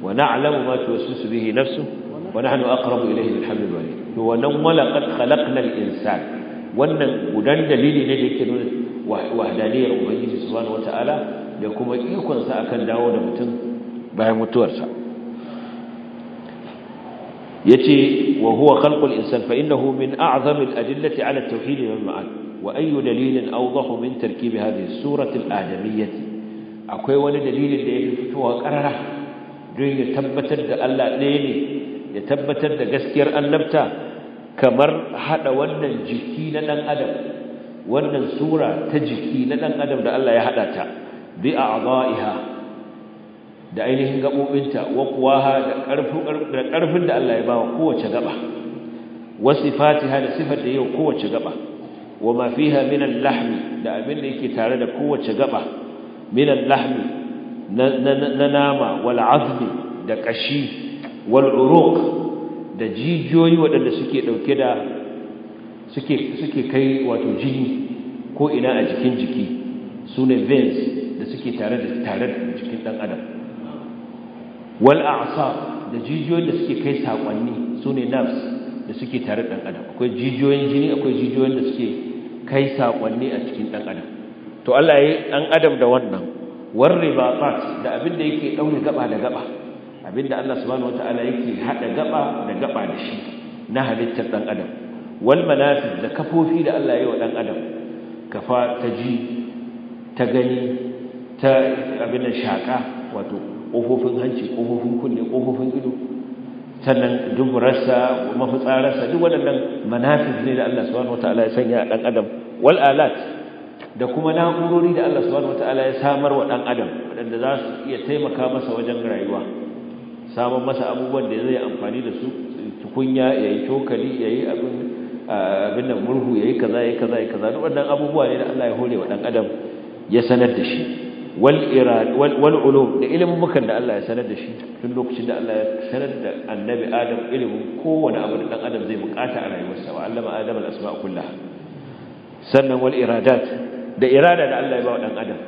wa na'lamu ma tuwaswisu bihi nafsu wa nahnu aqrabu ilayhi min hablil warid to wannan wa laqad khalaqna al-insan wannan gudan dalili ne da yake nuna wahdaniyar ubangiji subhanahu wataala da kuma ikon sa akan dawo da mutum bayan mutuwarsa yace wa huwa khalqul insan fa innahu min a'zami al-adillati 'ala at-tauhid wal ma'an wa ayyu dalilin awdahu min tarkib hadhihi as-surati al-adamiyyah akwai wani dalilin da yake fitowa karara don ya tabbatar da Allah ɗaya ne ya tabbatar da gaskiyar annabta kamar hada wannan jiki na dan adam wannan sura ta jiki na dan adam da Allah ya hada ta bi a'dha'iha da ainihin gabobinta wa quwaha da ƙarfin da karfin da Allah ya bawa kowace gaba wa sifatiha da sifar da yau kowace gaba wa ma fiha min al-lahm da abin da yake tare da kowace gaba min al-lahm na nama wal azmi da kashi wal uruq da jijiyoyi waɗanda suke dauke da suke suke kai wato jini ko ina a jikin jiki sune veins da suke tare da tare da jikin dan adam wal asa da jijiyoyin da suke kai sakonni sune nerves da suke tare dan adam akwai jijiyoyin jini akwai jijiyoyin da suke kai sakonni a cikin dan adam to Allah ya dan adam da wannan war ribatat da abin da yake daure gaba da gaba abin da Allah subhanahu wataala yake haɗa gaba da gaba da shi na halittar dan adam wal da kafofi da Allah ya yi wa dan adam kafa ta ji ta gani ta abin shaka wato ƙofofin hanci ƙofofin kunne ƙofofin ido sannan duburarsa mafitsararsa duk waɗannan manafis ne da Allah subhanahu Ta'ala ya sanya a ɗan adam wal alat da kuma na'urori da Allah subhanahu Ta'ala ya samar wa ɗan adam waɗanda za su iya taimaka masa wajen rayuwa Sabon masa abubuwan da zai amfani da su tukunya yayi cokali yayi abin abin da murhu yayi kaza yayi kaza yayi kaza duk waɗannan abubuwa ne da Allah ya hore wa ɗan adam ya sanar da shi wal'ulum da ilimin mukan da Allah ya sanar da shi tun lokacin da Allah ya sanar da annabi adam ilimin kowane abu da adam zai bukata a rayuwarsa wa allama adam al'asma a kulla sannan wal'iradat da irada da Allah ya ba wa adam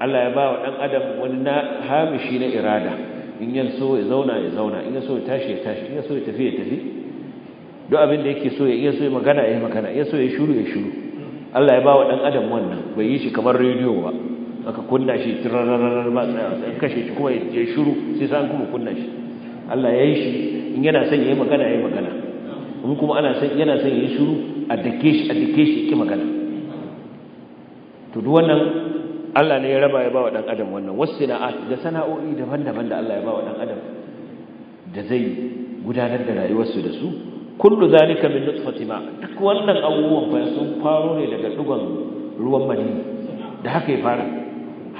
Allah ya ba wa adam wani na hamishi na irada in yan so ya zauna ya zauna in ya so ya tashi ya tashi in ya so ya tafi ya tafi duk abin da yake so ya iya so ya magana ya magana iya so ya shuru ya shuru Allah ya ba wa adam wannan bai yi shi kamar rediyo ba aka kunna shi tirararar ba tsaya kashe shi kuma ya shiru sai an kuma kunna shi Allah ya yi shi in yana son yayi magana yayi magana in kuma ana son yana son yayi shiru a dake shi a dake shi ki magana to duk wannan Allah ne ya raba ya ba wa dan adam wannan wasina'at da sana'o'i daban-daban da Allah ya ba wa dan adam da zai gudanar da rayuwarsu da su kullu zalika min nutfati ma duk wannan abubuwan fa sun faro ne daga dugon ruwan mani da haka ya fara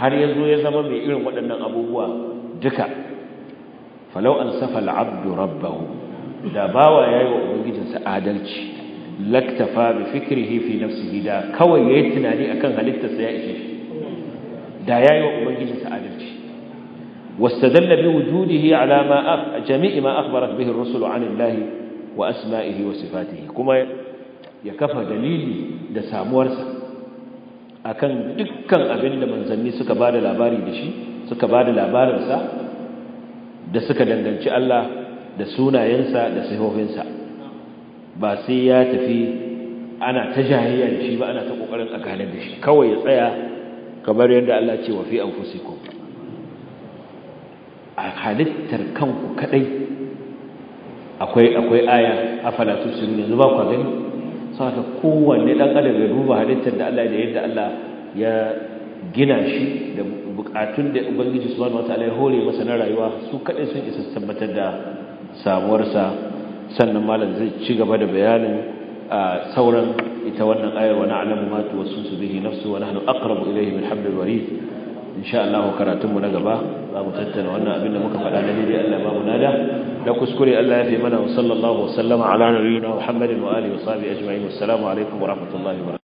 har ya zo ya zama mai irin waɗannan abubuwa duka falau an safa al'abdu rabbahu da bawa ya yi wa ubangijinsa adalci laktafa bi fikrihi fi nafsihi da kawai ya yi tunani akan halittarsa ya ishe shi da ya yi wa ubangijinsa adalci واستدل بوجوده على ما جميع ما wa به wa عن kuma ya kafa dalili da samuwarsa دسامورسه akan dukkan abin da manzanni suka ba da labari da shi suka ba da labarinsa da suka danganci Allah da sunayensa da sihohinsa ba sai ya tafi ana ta jahiyya da shi ba ana ta kokarin a gane da shi kawai ya tsaya kamar yadda Allah ce wa fi anfusikum a halittar kanku kadai akwai akwai aya afala tusirun yanzu ba ku gani saka kowanne dan adam ya duba halittar da Allah da yadda Allah ya gina shi da bukatun da ubangiji subhanahu wataala ya hore masa na rayuwa su kadai sun isa tabbatar da samuwarsa sannan malam zai ci gaba da bayanin sauran ita wannan ayar wa na'lamu ma tuwaswisu bihi nafsu wa nahnu aqrabu ilayhi min hablil warid insha Allah karatunmu na gaba za mu tattauna wannan abin da muka faɗa na daidai Allah a mu nada da kuskure Allah ya fi mana wa sallallahu wa sallama ala nabiyyina Muhammadin wa alihi wa sahbihi ajma'in assalamu alaikum wa rahmatullahi wa